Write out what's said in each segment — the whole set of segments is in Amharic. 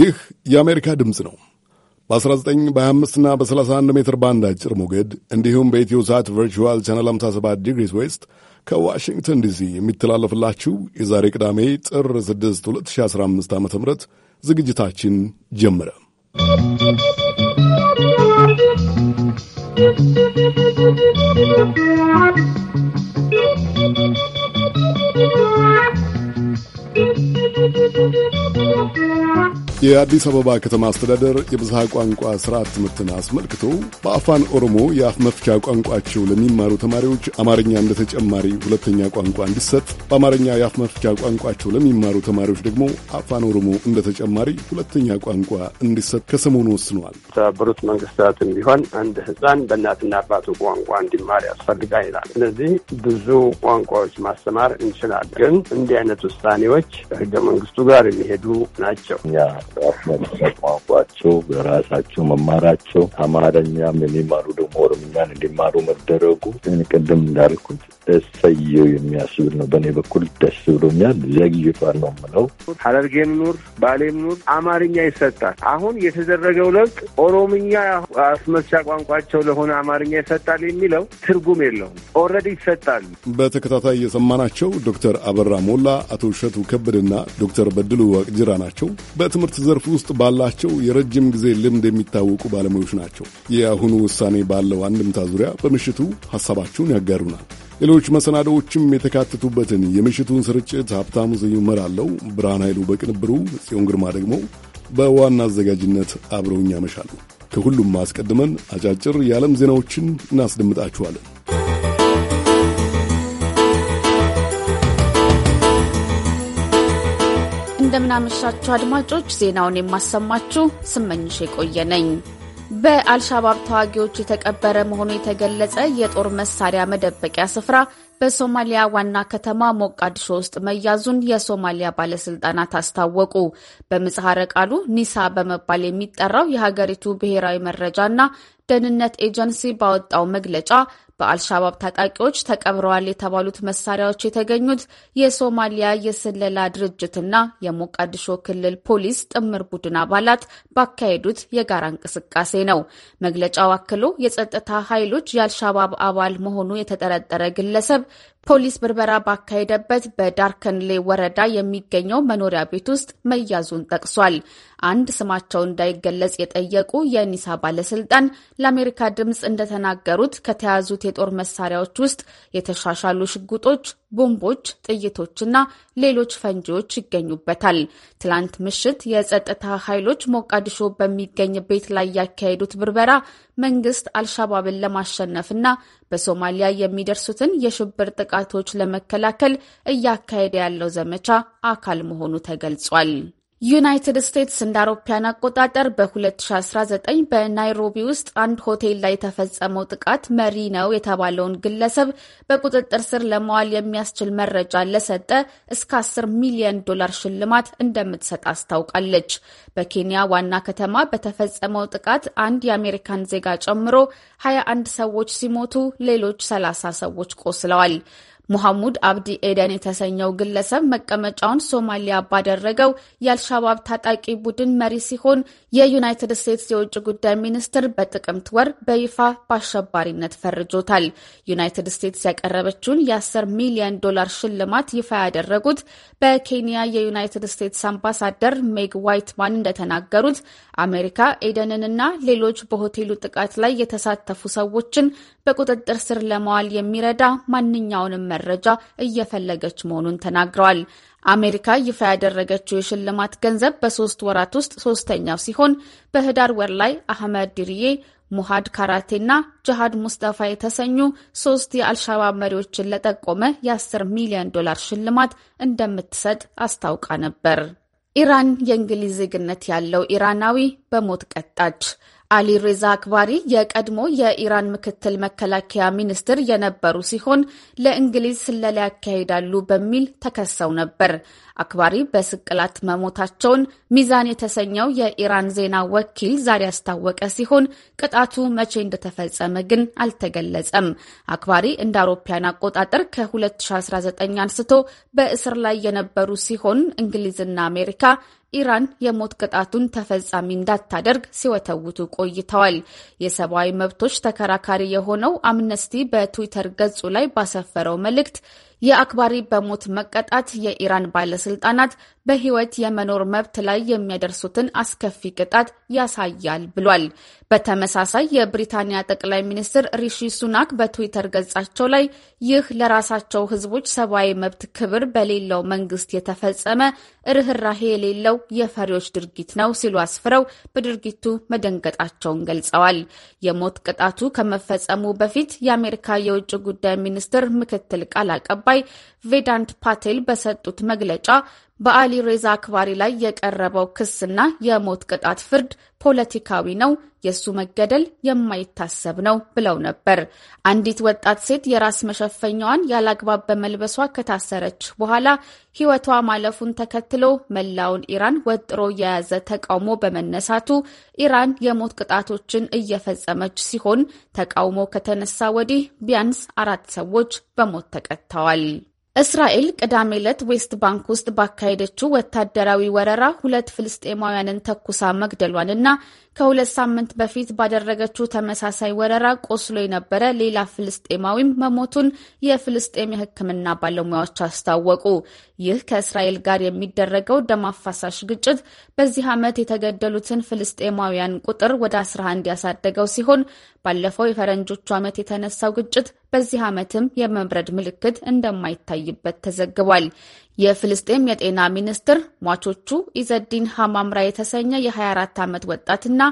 ይህ የአሜሪካ ድምፅ ነው። በ19 በ25 እና በ31 ሜትር ባንድ አጭር ሞገድ እንዲሁም በኢትዮ ሳት ቨርቹዋል ቻናል 57 ዲግሪስ ዌስት ከዋሽንግተን ዲሲ የሚተላለፍላችሁ የዛሬ ቅዳሜ ጥር 6 2015 ዓ ም ዝግጅታችን ጀመረ። ¶¶ የአዲስ አበባ ከተማ አስተዳደር የብዝሃ ቋንቋ ስርዓት ትምህርትን አስመልክቶ በአፋን ኦሮሞ የአፍ መፍቻ ቋንቋቸው ለሚማሩ ተማሪዎች አማርኛ እንደ ተጨማሪ ሁለተኛ ቋንቋ እንዲሰጥ፣ በአማርኛ የአፍ መፍቻ ቋንቋቸው ለሚማሩ ተማሪዎች ደግሞ አፋን ኦሮሞ እንደ ተጨማሪ ሁለተኛ ቋንቋ እንዲሰጥ ከሰሞኑ ወስነዋል። የተባበሩት መንግስታትም ቢሆን አንድ ህፃን በእናትና አባቱ ቋንቋ እንዲማር ያስፈልጋል ይላል። ስለዚህ ብዙ ቋንቋዎች ማስተማር እንችላለን። ግን እንዲህ አይነት ውሳኔዎች ከህገ መንግስቱ ጋር የሚሄዱ ናቸው። ቋንቋቸው በራሳቸው መማራቸው አማርኛም የሚማሩ ደግሞ ኦሮምኛን እንዲማሩ መደረጉ ቅድም እንዳልኩት እሰየው የሚያስብል ነው። በእኔ በኩል ደስ ብሎኛል። ዘግይቷል ነው የምለው። ሐረርጌም ኑር ባሌም ኑር አማርኛ ይሰጣል። አሁን የተደረገው ለውጥ ኦሮምኛ አስመቻ ቋንቋቸው ለሆነ አማርኛ ይሰጣል የሚለው ትርጉም የለውም። ኦልሬዲ ይሰጣል። በተከታታይ የሰማናቸው ዶክተር አበራ ሞላ፣ አቶ እሸቱ ከበድና ዶክተር በድሉ ዋቅጅራ ናቸው። በትምህርት ዘርፍ ውስጥ ባላቸው የረጅም ጊዜ ልምድ የሚታወቁ ባለሙያዎች ናቸው። የአሁኑ ውሳኔ ባለው አንድምታ ዙሪያ በምሽቱ ሐሳባችሁን ያጋሩናል። ሌሎች መሰናዶዎችም የተካተቱበትን የምሽቱን ስርጭት ሀብታሙ ዘዩ እመራለሁ፣ ብርሃን ኃይሉ በቅንብሩ፣ ጽዮን ግርማ ደግሞ በዋና አዘጋጅነት አብረውኝ ያመሻሉ። ከሁሉም አስቀድመን አጫጭር የዓለም ዜናዎችን እናስደምጣችኋለን። እንደምናመሻችሁ አድማጮች፣ ዜናውን የማሰማችሁ ስመኝሽ የቆየ ነኝ። በአልሻባብ ተዋጊዎች የተቀበረ መሆኑ የተገለጸ የጦር መሳሪያ መደበቂያ ስፍራ በሶማሊያ ዋና ከተማ ሞቃዲሾ ውስጥ መያዙን የሶማሊያ ባለስልጣናት አስታወቁ። በምጽሐረ ቃሉ ኒሳ በመባል የሚጠራው የሀገሪቱ ብሔራዊ መረጃና ደህንነት ኤጀንሲ ባወጣው መግለጫ በአልሻባብ ታጣቂዎች ተቀብረዋል የተባሉት መሳሪያዎች የተገኙት የሶማሊያ የስለላ ድርጅትና የሞቃዲሾ ክልል ፖሊስ ጥምር ቡድን አባላት ባካሄዱት የጋራ እንቅስቃሴ ነው። መግለጫው አክሎ የጸጥታ ኃይሎች የአልሻባብ አባል መሆኑ የተጠረጠረ ግለሰብ ፖሊስ ብርበራ ባካሄደበት በዳርከንሌ ወረዳ የሚገኘው መኖሪያ ቤት ውስጥ መያዙን ጠቅሷል። አንድ ስማቸው እንዳይገለጽ የጠየቁ የኒሳ ባለስልጣን ለአሜሪካ ድምፅ እንደተናገሩት ከተያዙት የጦር መሳሪያዎች ውስጥ የተሻሻሉ ሽጉጦች፣ ቦምቦች፣ ጥይቶችና ሌሎች ፈንጂዎች ይገኙበታል። ትላንት ምሽት የጸጥታ ኃይሎች ሞቃዲሾ በሚገኝ ቤት ላይ ያካሄዱት ብርበራ መንግስት አልሻባብን ለማሸነፍና በሶማሊያ የሚደርሱትን የሽብር ጥቃቶች ለመከላከል እያካሄደ ያለው ዘመቻ አካል መሆኑ ተገልጿል። ዩናይትድ ስቴትስ እንደ አውሮፓያን አቆጣጠር በ2019 በናይሮቢ ውስጥ አንድ ሆቴል ላይ የተፈጸመው ጥቃት መሪ ነው የተባለውን ግለሰብ በቁጥጥር ስር ለመዋል የሚያስችል መረጃ ለሰጠ እስከ 10 ሚሊዮን ዶላር ሽልማት እንደምትሰጥ አስታውቃለች። በኬንያ ዋና ከተማ በተፈጸመው ጥቃት አንድ የአሜሪካን ዜጋ ጨምሮ 21 ሰዎች ሲሞቱ ሌሎች 30 ሰዎች ቆስለዋል። ሙሐሙድ አብዲ ኤደን የተሰኘው ግለሰብ መቀመጫውን ሶማሊያ ባደረገው የአልሻባብ ታጣቂ ቡድን መሪ ሲሆን የዩናይትድ ስቴትስ የውጭ ጉዳይ ሚኒስትር በጥቅምት ወር በይፋ በአሸባሪነት ፈርጆታል። ዩናይትድ ስቴትስ ያቀረበችውን የ10 ሚሊዮን ዶላር ሽልማት ይፋ ያደረጉት በኬንያ የዩናይትድ ስቴትስ አምባሳደር ሜግ ዋይትማን እንደተናገሩት አሜሪካ ኤደንንና ሌሎች በሆቴሉ ጥቃት ላይ የተሳተፉ ሰዎችን በቁጥጥር ስር ለመዋል የሚረዳ ማንኛውንም መረጃ እየፈለገች መሆኑን ተናግረዋል። አሜሪካ ይፋ ያደረገችው የሽልማት ገንዘብ በሶስት ወራት ውስጥ ሶስተኛው ሲሆን በህዳር ወር ላይ አህመድ ድርዬ ሙሃድ ካራቴና ጅሃድ ሙስጠፋ የተሰኙ ሶስት የአልሻባብ መሪዎችን ለጠቆመ የ10 ሚሊዮን ዶላር ሽልማት እንደምትሰጥ አስታውቃ ነበር። ኢራን የእንግሊዝ ዜግነት ያለው ኢራናዊ በሞት ቀጣች። አሊ ሬዛ አክባሪ የቀድሞ የኢራን ምክትል መከላከያ ሚኒስትር የነበሩ ሲሆን ለእንግሊዝ ስለላ ያካሂዳሉ በሚል ተከሰው ነበር። አክባሪ በስቅላት መሞታቸውን ሚዛን የተሰኘው የኢራን ዜና ወኪል ዛሬ ያስታወቀ ሲሆን ቅጣቱ መቼ እንደተፈጸመ ግን አልተገለጸም። አክባሪ እንደ አውሮፓያን አቆጣጠር ከ2019 አንስቶ በእስር ላይ የነበሩ ሲሆን እንግሊዝና አሜሪካ ኢራን የሞት ቅጣቱን ተፈጻሚ እንዳታደርግ ሲወተውቱ ቆይተዋል። የሰብአዊ መብቶች ተከራካሪ የሆነው አምነስቲ በትዊተር ገጹ ላይ ባሰፈረው መልእክት የአክባሪ በሞት መቀጣት የኢራን ባለስልጣናት በህይወት የመኖር መብት ላይ የሚያደርሱትን አስከፊ ቅጣት ያሳያል ብሏል። በተመሳሳይ የብሪታንያ ጠቅላይ ሚኒስትር ሪሺ ሱናክ በትዊተር ገጻቸው ላይ ይህ ለራሳቸው ህዝቦች ሰብአዊ መብት ክብር በሌለው መንግስት የተፈጸመ ርኅራሄ የሌለው የፈሪዎች ድርጊት ነው ሲሉ አስፍረው በድርጊቱ መደንገጣቸውን ገልጸዋል። የሞት ቅጣቱ ከመፈጸሙ በፊት የአሜሪካ የውጭ ጉዳይ ሚኒስትር ምክትል ቃል አቀባይ አቀባይ ቬዳንት ፓቴል በሰጡት መግለጫ በአሊ ሬዛ አክባሪ ላይ የቀረበው ክስና የሞት ቅጣት ፍርድ ፖለቲካዊ ነው፣ የእሱ መገደል የማይታሰብ ነው ብለው ነበር። አንዲት ወጣት ሴት የራስ መሸፈኛዋን ያላግባብ በመልበሷ ከታሰረች በኋላ ሕይወቷ ማለፉን ተከትሎ መላውን ኢራን ወጥሮ የያዘ ተቃውሞ በመነሳቱ ኢራን የሞት ቅጣቶችን እየፈጸመች ሲሆን ተቃውሞ ከተነሳ ወዲህ ቢያንስ አራት ሰዎች በሞት ተቀጥተዋል። እስራኤል ቅዳሜ ዕለት ዌስት ባንክ ውስጥ ባካሄደችው ወታደራዊ ወረራ ሁለት ፍልስጤማውያንን ተኩሳ መግደሏንና ከሁለት ሳምንት በፊት ባደረገችው ተመሳሳይ ወረራ ቆስሎ የነበረ ሌላ ፍልስጤማዊም መሞቱን የፍልስጤም የሕክምና ባለሙያዎች አስታወቁ። ይህ ከእስራኤል ጋር የሚደረገው ደም አፋሳሽ ግጭት በዚህ ዓመት የተገደሉትን ፍልስጤማውያን ቁጥር ወደ 11 ያሳደገው ሲሆን ባለፈው የፈረንጆቹ ዓመት የተነሳው ግጭት በዚህ ዓመትም የመብረድ ምልክት እንደማይታይበት ተዘግቧል። የፍልስጤም የጤና ሚኒስትር ሟቾቹ ኢዘዲን ሀማምራ የተሰኘ የ24 ዓመት ወጣትና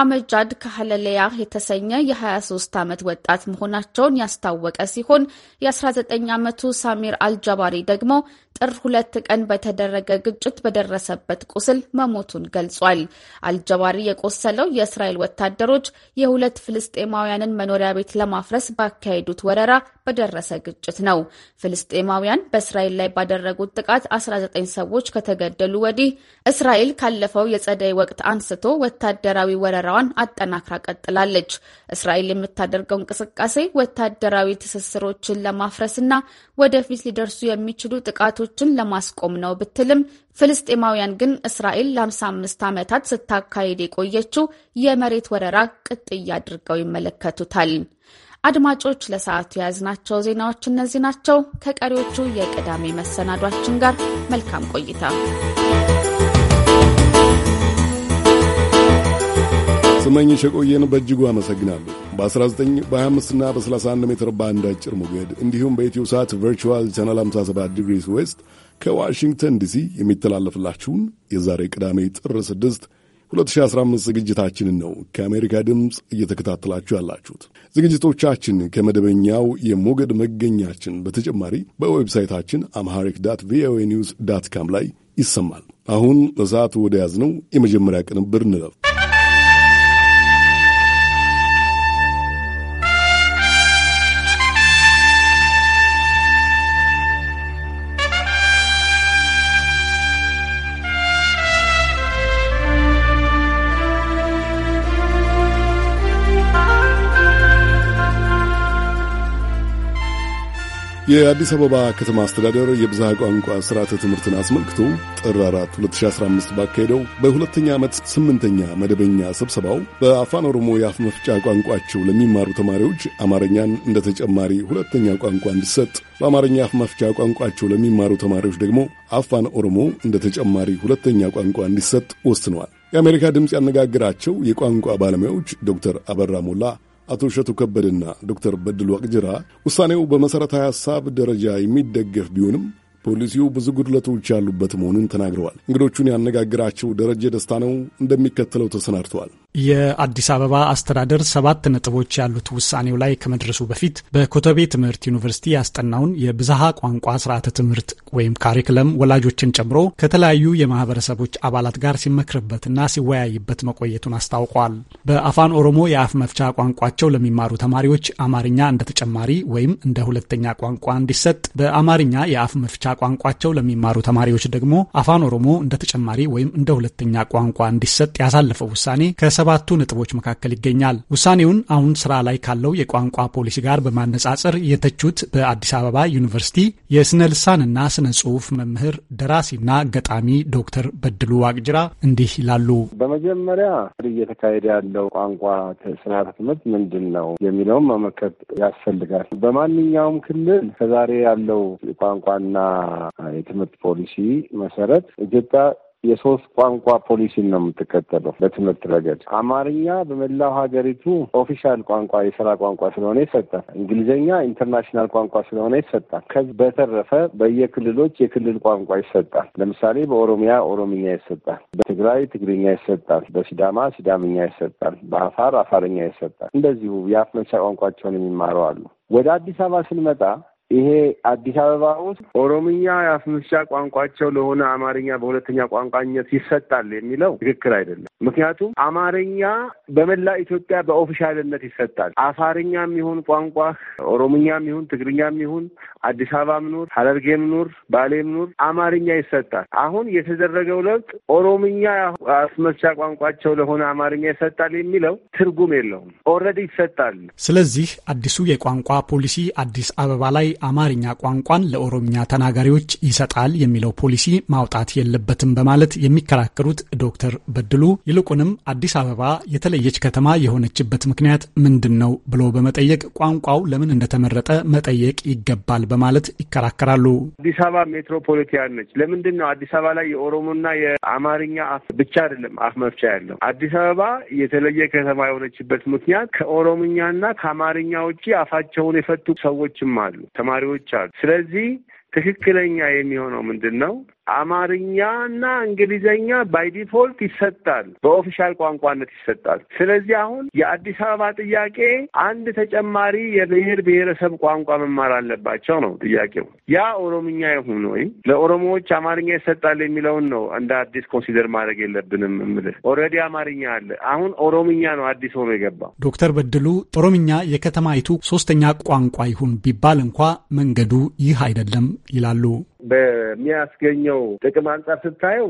አመጃድ ካህለለያ የተሰኘ የ23 ዓመት ወጣት መሆናቸውን ያስታወቀ ሲሆን የ19 ዓመቱ ሳሚር አልጃባሪ ደግሞ ጥር ሁለት ቀን በተደረገ ግጭት በደረሰበት ቁስል መሞቱን ገልጿል። አልጃባሪ የቆሰለው የእስራኤል ወታደሮች የሁለት ፍልስጤማውያንን መኖሪያ ቤት ለማፍረስ ባካሄዱት ወረራ በደረሰ ግጭት ነው። ፍልስጤማውያን በእስራኤል ላይ ባደረጉት ጥቃት 19 ሰዎች ከተገደሉ ወዲህ እስራኤል ካለፈው የጸደይ ወቅት አንስቶ ወታደራዊ ወረራዋን አጠናክራ ቀጥላለች። እስራኤል የምታደርገው እንቅስቃሴ ወታደራዊ ትስስሮችን ለማፍረስና ወደፊት ሊደርሱ የሚችሉ ጥቃቶችን ለማስቆም ነው ብትልም ፍልስጤማውያን ግን እስራኤል ለ55 ዓመታት ስታካሄድ የቆየችው የመሬት ወረራ ቅጥያ አድርገው ይመለከቱታል። አድማጮች፣ ለሰዓቱ የያዝናቸው ዜናዎች እነዚህ ናቸው። ከቀሪዎቹ የቅዳሜ መሰናዷችን ጋር መልካም ቆይታ ስመኝሽ የቆየን በእጅጉ አመሰግናለሁ። በ19 በ25ና በ31 ሜትር ባንድ አጭር ሞገድ እንዲሁም በኢትዮ ሰዓት ቨርቹዋል ቻናል 57 ዲግሪስ ዌስት ከዋሽንግተን ዲሲ የሚተላለፍላችሁን የዛሬ ቅዳሜ ጥር 6 2015 ዝግጅታችንን ነው ከአሜሪካ ድምፅ እየተከታተላችሁ ያላችሁት። ዝግጅቶቻችን ከመደበኛው የሞገድ መገኛችን በተጨማሪ በዌብሳይታችን አምሃሪክ ዳት ቪኦኤ ኒውስ ዳት ካም ላይ ይሰማል። አሁን በሰዓቱ ወደ ያዝነው የመጀመሪያ ቅንብር እንለፍ። የአዲስ አበባ ከተማ አስተዳደር የብዝሃ ቋንቋ ስርዓተ ትምህርትን አስመልክቶ ጥር 4 2015 ባካሄደው በሁለተኛ ዓመት ስምንተኛ መደበኛ ስብሰባው በአፋን ኦሮሞ የአፍ መፍጫ ቋንቋቸው ለሚማሩ ተማሪዎች አማርኛን እንደ ተጨማሪ ሁለተኛ ቋንቋ እንዲሰጥ፣ በአማርኛ አፍ መፍጫ ቋንቋቸው ለሚማሩ ተማሪዎች ደግሞ አፋን ኦሮሞ እንደ ተጨማሪ ሁለተኛ ቋንቋ እንዲሰጥ ወስነዋል። የአሜሪካ ድምፅ ያነጋግራቸው የቋንቋ ባለሙያዎች ዶክተር አበራ ሞላ አቶ እሸቱ ከበድና ዶክተር በድሉ አቅጅራ ውሳኔው በመሠረታዊ ሐሳብ ደረጃ የሚደገፍ ቢሆንም ፖሊሲው ብዙ ጉድለቶች ያሉበት መሆኑን ተናግረዋል። እንግዶቹን ያነጋግራቸው ደረጀ ደስታ ነው፣ እንደሚከተለው ተሰናድተዋል። የአዲስ አበባ አስተዳደር ሰባት ነጥቦች ያሉት ውሳኔው ላይ ከመድረሱ በፊት በኮተቤ ትምህርት ዩኒቨርሲቲ ያስጠናውን የብዝሃ ቋንቋ ስርዓተ ትምህርት ወይም ካሪክለም ወላጆችን ጨምሮ ከተለያዩ የማህበረሰቦች አባላት ጋር ሲመክርበትና ሲወያይበት መቆየቱን አስታውቋል። በአፋን ኦሮሞ የአፍ መፍቻ ቋንቋቸው ለሚማሩ ተማሪዎች አማርኛ እንደ ተጨማሪ ወይም እንደ ሁለተኛ ቋንቋ እንዲሰጥ፣ በአማርኛ የአፍ መፍቻ ቋንቋቸው ለሚማሩ ተማሪዎች ደግሞ አፋን ኦሮሞ እንደ ተጨማሪ ወይም እንደ ሁለተኛ ቋንቋ እንዲሰጥ ያሳለፈው ውሳኔ ከሰባቱ ነጥቦች መካከል ይገኛል። ውሳኔውን አሁን ስራ ላይ ካለው የቋንቋ ፖሊሲ ጋር በማነጻጸር የተቹት በአዲስ አበባ ዩኒቨርሲቲ የስነ ልሳንና ስነ ጽሁፍ መምህር ደራሲና ገጣሚ ዶክተር በድሉ ዋቅጅራ እንዲህ ይላሉ። በመጀመሪያ እየተካሄደ ያለው ቋንቋ ስርዓተ ትምህርት ምንድን ነው የሚለውን መመከት ያስፈልጋል። በማንኛውም ክልል ከዛሬ ያለው ቋንቋና የትምህርት ፖሊሲ መሰረት ኢትዮጵያ የሶስት ቋንቋ ፖሊሲን ነው የምትከተለው። በትምህርት ረገድ አማርኛ በመላው ሀገሪቱ ኦፊሻል ቋንቋ የስራ ቋንቋ ስለሆነ ይሰጣል። እንግሊዝኛ ኢንተርናሽናል ቋንቋ ስለሆነ ይሰጣል። ከዚህ በተረፈ በየክልሎች የክልል ቋንቋ ይሰጣል። ለምሳሌ በኦሮሚያ ኦሮምኛ ይሰጣል፣ በትግራይ ትግርኛ ይሰጣል፣ በሲዳማ ሲዳምኛ ይሰጣል፣ በአፋር አፋርኛ ይሰጣል። እንደዚሁ የአፍ መፍቻ ቋንቋቸውን የሚማረው አሉ። ወደ አዲስ አበባ ስንመጣ ይሄ አዲስ አበባ ውስጥ ኦሮምኛ የአፍምሻ ቋንቋቸው ለሆነ አማርኛ በሁለተኛ ቋንቋነት ይሰጣል የሚለው ትክክል አይደለም። ምክንያቱም አማርኛ በመላ ኢትዮጵያ በኦፊሻልነት ይሰጣል። አፋርኛም ይሁን ቋንቋ ኦሮምኛም ይሁን ትግርኛም ይሁን አዲስ አበባም ኑር፣ ሐረርጌም ኑር፣ ባሌም ኑር አማርኛ ይሰጣል። አሁን የተደረገው ለውጥ ኦሮምኛ አፍምሻ ቋንቋቸው ለሆነ አማርኛ ይሰጣል የሚለው ትርጉም የለውም። ኦልሬዲ ይሰጣል። ስለዚህ አዲሱ የቋንቋ ፖሊሲ አዲስ አበባ ላይ አማርኛ ቋንቋን ለኦሮምኛ ተናጋሪዎች ይሰጣል የሚለው ፖሊሲ ማውጣት የለበትም በማለት የሚከራከሩት ዶክተር በድሉ ይልቁንም አዲስ አበባ የተለየች ከተማ የሆነችበት ምክንያት ምንድን ነው ብሎ በመጠየቅ ቋንቋው ለምን እንደተመረጠ መጠየቅ ይገባል በማለት ይከራከራሉ። አዲስ አበባ ሜትሮፖሊቲያን ነች። ለምንድን ነው አዲስ አበባ ላይ የኦሮሞና የአማርኛ አፍ ብቻ አይደለም አፍ መፍቻ ያለው አዲስ አበባ የተለየ ከተማ የሆነችበት ምክንያት ከኦሮምኛና ከአማርኛ ውጭ አፋቸውን የፈቱ ሰዎችም አሉ። ተማሪዎች አሉ። ስለዚህ ትክክለኛ የሚሆነው ምንድን ነው? አማርኛና እንግሊዘኛ ባይ ዲፎልት ይሰጣል፣ በኦፊሻል ቋንቋነት ይሰጣል። ስለዚህ አሁን የአዲስ አበባ ጥያቄ አንድ ተጨማሪ የብሔር ብሔረሰብ ቋንቋ መማር አለባቸው ነው ጥያቄው። ያ ኦሮምኛ ይሁን ወይ ለኦሮሞዎች አማርኛ ይሰጣል የሚለውን ነው እንደ አዲስ ኮንሲደር ማድረግ የለብንም እምልህ። ኦልሬዲ አማርኛ አለ፣ አሁን ኦሮምኛ ነው አዲስ ሆኖ የገባው። ዶክተር በድሉ ኦሮምኛ የከተማይቱ ሶስተኛ ቋንቋ ይሁን ቢባል እንኳ መንገዱ ይህ አይደለም ይላሉ። በሚያስገኘው ጥቅም አንጻር ስታየው፣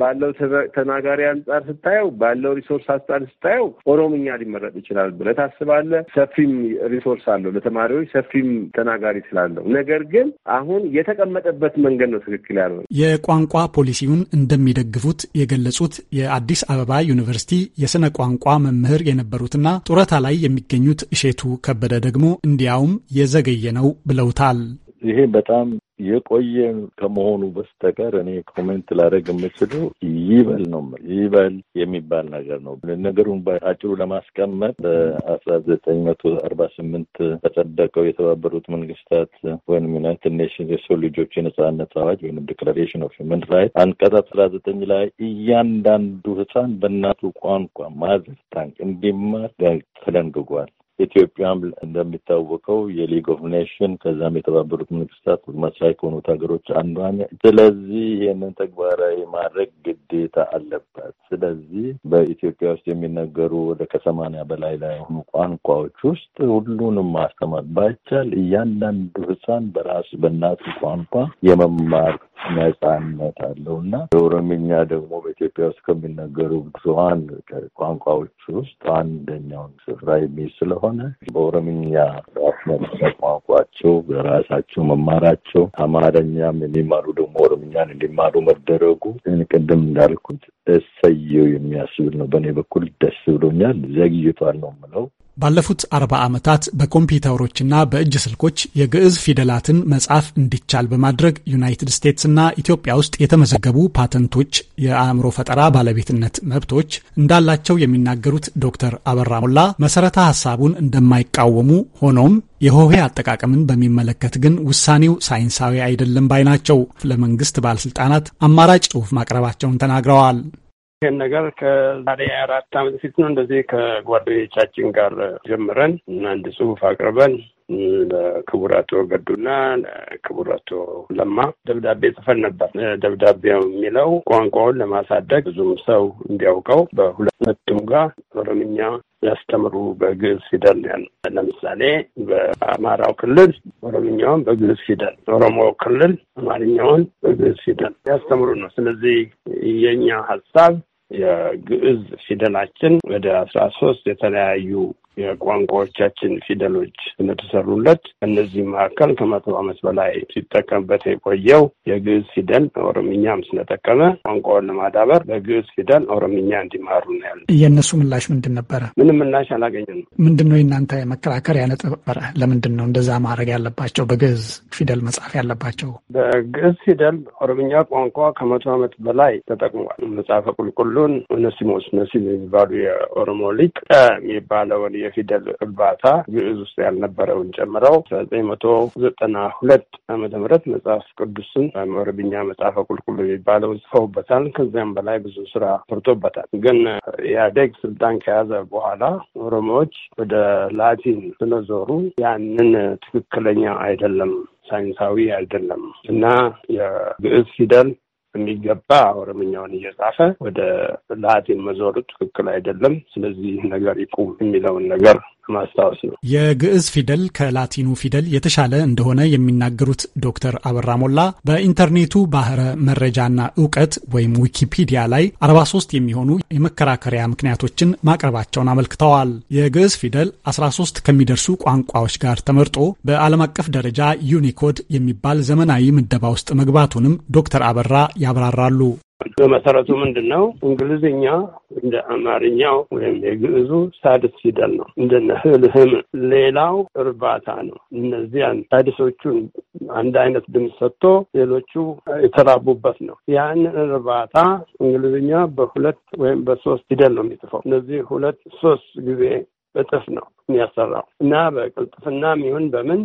ባለው ተናጋሪ አንጻር ስታየው፣ ባለው ሪሶርስ አንጻር ስታየው ኦሮምኛ ሊመረጥ ይችላል ብለህ ታስባለህ። ሰፊም ሪሶርስ አለው ለተማሪዎች ሰፊም ተናጋሪ ስላለው። ነገር ግን አሁን የተቀመጠበት መንገድ ነው ትክክል ያልሆነ። የቋንቋ ፖሊሲውን እንደሚደግፉት የገለጹት የአዲስ አበባ ዩኒቨርሲቲ የስነ ቋንቋ መምህር የነበሩትና ጡረታ ላይ የሚገኙት እሼቱ ከበደ ደግሞ እንዲያውም የዘገየ ነው ብለውታል። ይሄ በጣም የቆየ ከመሆኑ በስተቀር እኔ ኮሜንት ላደረግ የምችለው ይበል ነው። ይበል የሚባል ነገር ነው። ነገሩን በአጭሩ ለማስቀመጥ በአስራ ዘጠኝ መቶ አርባ ስምንት በጸደቀው የተባበሩት መንግስታት ወይም ዩናይትድ ኔሽንስ የሰው ልጆች የነጻነት አዋጅ ወይም ዲክላሬሽን ኦፍ ሂውመን ራይት አንቀጽ አስራ ዘጠኝ ላይ እያንዳንዱ ህፃን በእናቱ ቋንቋ ማዘር ታንክ እንዲማር ተደንግጓል። ኢትዮጵያም እንደሚታወቀው የሊግ ኦፍ ኔሽን ከዛም የተባበሩት መንግስታት መስራች ከሆኑት ሀገሮች አንዷ ስለዚህ ይህንን ተግባራዊ ማድረግ ግዴታ አለባት። ስለዚህ በኢትዮጵያ ውስጥ የሚነገሩ ወደ ከሰማንያ በላይ የሆኑ ቋንቋዎች ውስጥ ሁሉንም ማስተማር ባይቻል እያንዳንዱ ህፃን በራሱ በእናቱ ቋንቋ የመማር ነጻነት አለው እና የኦሮምኛ ደግሞ በኢትዮጵያ ውስጥ ከሚነገሩ ብዙሀን ቋንቋዎች ውስጥ አንደኛውን ስፍራ የሚይዝ ስለሆነ በኦሮምኛ ራስ ቋንቋቸው በራሳቸው መማራቸው አማርኛም የሚማሩ ደግሞ ኦሮምኛን እንዲማሩ መደረጉ ቅድም እንዳልኩት እሰየው የሚያስብል ነው። በእኔ በኩል ደስ ብሎኛል። ዘግይቷል ነው የምለው። ባለፉት አርባ ዓመታት በኮምፒውተሮችና በእጅ ስልኮች የግዕዝ ፊደላትን መጻፍ እንዲቻል በማድረግ ዩናይትድ ስቴትስና ኢትዮጵያ ውስጥ የተመዘገቡ ፓተንቶች የአእምሮ ፈጠራ ባለቤትነት መብቶች እንዳላቸው የሚናገሩት ዶክተር አበራ ሞላ መሰረተ ሀሳቡን እንደማይቃወሙ ሆኖም የሆሄ አጠቃቀምን በሚመለከት ግን ውሳኔው ሳይንሳዊ አይደለም ባይ ናቸው። ለመንግስት ባለስልጣናት አማራጭ ጽሑፍ ማቅረባቸውን ተናግረዋል። ይህን ነገር ከዛሬ አራት ዓመት ፊት ነው እንደዚህ ከጓደኞቻችን ጋር ጀምረን አንድ ጽሁፍ አቅርበን ለክቡር አቶ ገዱና ለክቡር አቶ ለማ ደብዳቤ ጽፈን ነበር። ደብዳቤው የሚለው ቋንቋውን ለማሳደግ ብዙም ሰው እንዲያውቀው በሁለቱም ጋር ኦሮምኛ ያስተምሩ በግዕዝ ፊደል ያለ ለምሳሌ በአማራው ክልል ኦሮምኛውን በግዕዝ ፊደል፣ ኦሮሞ ክልል አማርኛውን በግዕዝ ፊደል ያስተምሩ ነው። ስለዚህ የእኛ ሀሳብ የግዕዝ ፊደላችን ወደ አስራ ሶስት የተለያዩ የቋንቋዎቻችን ፊደሎች እንደተሰሩለት እነዚህ መካከል ከመቶ ዓመት በላይ ሲጠቀምበት የቆየው የግዕዝ ፊደል ኦሮምኛም ስለጠቀመ ቋንቋውን ለማዳበር በግዕዝ ፊደል ኦሮምኛ እንዲማሩ ነው ያሉ። የእነሱ ምላሽ ምንድን ነበረ? ምንም ምላሽ አላገኘም። ምንድን ነው የእናንተ መከራከሪያ ነጥብ ለምንድን ነው እንደዛ ማድረግ ያለባቸው? በግዕዝ ፊደል መጻፍ ያለባቸው? በግዕዝ ፊደል ኦሮምኛ ቋንቋ ከመቶ ዓመት በላይ ተጠቅሟል። መጽሐፈ ቁልቁሉን ነሲሞስ ነሲም የሚባሉ የኦሮሞ ሊቅ የሚባለውን የፊደል እርባታ ግዕዝ ውስጥ ያልነበረውን ጨምረው ዘጠኝ መቶ ዘጠና ሁለት ዓመተ ምህረት መጽሐፍ ቅዱስን በአረብኛ መጽሐፈ ቁልቁል የሚባለው ጽፈውበታል። ከዚያም በላይ ብዙ ስራ ፈርቶበታል ግን ኢህአዴግ ስልጣን ከያዘ በኋላ ኦሮሞዎች ወደ ላቲን ስለዞሩ ያንን ትክክለኛ አይደለም ሳይንሳዊ አይደለም እና የግዕዝ ፊደል የሚገባ ኦሮምኛውን እየጻፈ ወደ ላቲን መዞሩ ትክክል አይደለም። ስለዚህ ነገር ይቁም የሚለውን ነገር ማስታወስ ነው። የግዕዝ ፊደል ከላቲኑ ፊደል የተሻለ እንደሆነ የሚናገሩት ዶክተር አበራ ሞላ በኢንተርኔቱ ባህረ መረጃና እውቀት ወይም ዊኪፒዲያ ላይ 43 የሚሆኑ የመከራከሪያ ምክንያቶችን ማቅረባቸውን አመልክተዋል። የግዕዝ ፊደል 13 ከሚደርሱ ቋንቋዎች ጋር ተመርጦ በዓለም አቀፍ ደረጃ ዩኒኮድ የሚባል ዘመናዊ ምደባ ውስጥ መግባቱንም ዶክተር አበራ ያብራራሉ። በመሰረቱ ምንድን ነው እንግሊዝኛ እንደ አማርኛው ወይም የግዕዙ ሳድስ ፊደል ነው። እንደነ ህልህም ሌላው እርባታ ነው። እነዚያን ሳድሶቹን አንድ አይነት ድምፅ ሰጥቶ ሌሎቹ የተራቡበት ነው። ያንን እርባታ እንግሊዝኛ በሁለት ወይም በሶስት ፊደል ነው የሚጽፈው። እነዚህ ሁለት ሶስት ጊዜ እጥፍ ነው የሚያሰራው እና በቅልጥፍና ይሁን በምን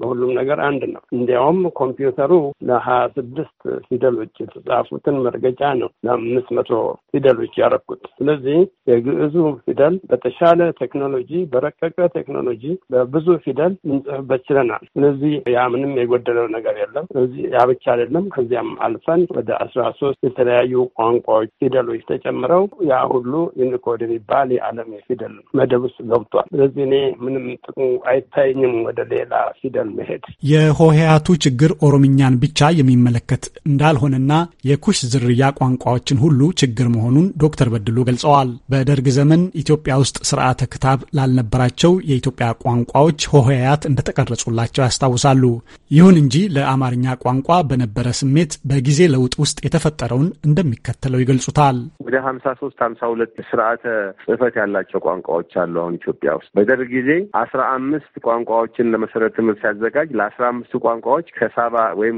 በሁሉም ነገር አንድ ነው። እንዲያውም ኮምፒውተሩ ለሀያ ስድስት ፊደሎች የተጻፉትን መርገጫ ነው ለአምስት መቶ ፊደሎች ያረኩት። ስለዚህ የግዕዙ ፊደል በተሻለ ቴክኖሎጂ፣ በረቀቀ ቴክኖሎጂ በብዙ ፊደል ልንጽፍበት ችለናል። ስለዚህ ያ ምንም የጎደለው ነገር የለም። ስለዚህ ያ ብቻ አይደለም። ከዚያም አልፈን ወደ አስራ ሶስት የተለያዩ ቋንቋዎች ፊደሎች ተጨምረው ያ ሁሉ ዩኒኮድ የሚባል የዓለም የፊደል መደብ ውስጥ ገብቷል። ስለዚህ እኔ ምንም ጥቅሙ አይታየኝም ወደ ሌላ ፊደል ጥለን መሄድ የሆሄያቱ ችግር ኦሮምኛን ብቻ የሚመለከት እንዳልሆነና የኩሽ ዝርያ ቋንቋዎችን ሁሉ ችግር መሆኑን ዶክተር በድሉ ገልጸዋል። በደርግ ዘመን ኢትዮጵያ ውስጥ ስርዓተ ክታብ ላልነበራቸው የኢትዮጵያ ቋንቋዎች ሆሄያት እንደተቀረጹላቸው ያስታውሳሉ። ይሁን እንጂ ለአማርኛ ቋንቋ በነበረ ስሜት በጊዜ ለውጥ ውስጥ የተፈጠረውን እንደሚከተለው ይገልጹታል። ወደ ሀምሳ ሶስት ሀምሳ ሁለት ስርዓተ ጽህፈት ያላቸው ቋንቋዎች አሉ አሁን ኢትዮጵያ ውስጥ በደርግ ጊዜ አስራ አምስት ቋንቋዎችን ለመሰረት ትምህርት ሲያዘጋጅ ለአስራ አምስቱ ቋንቋዎች ከሳባ ወይም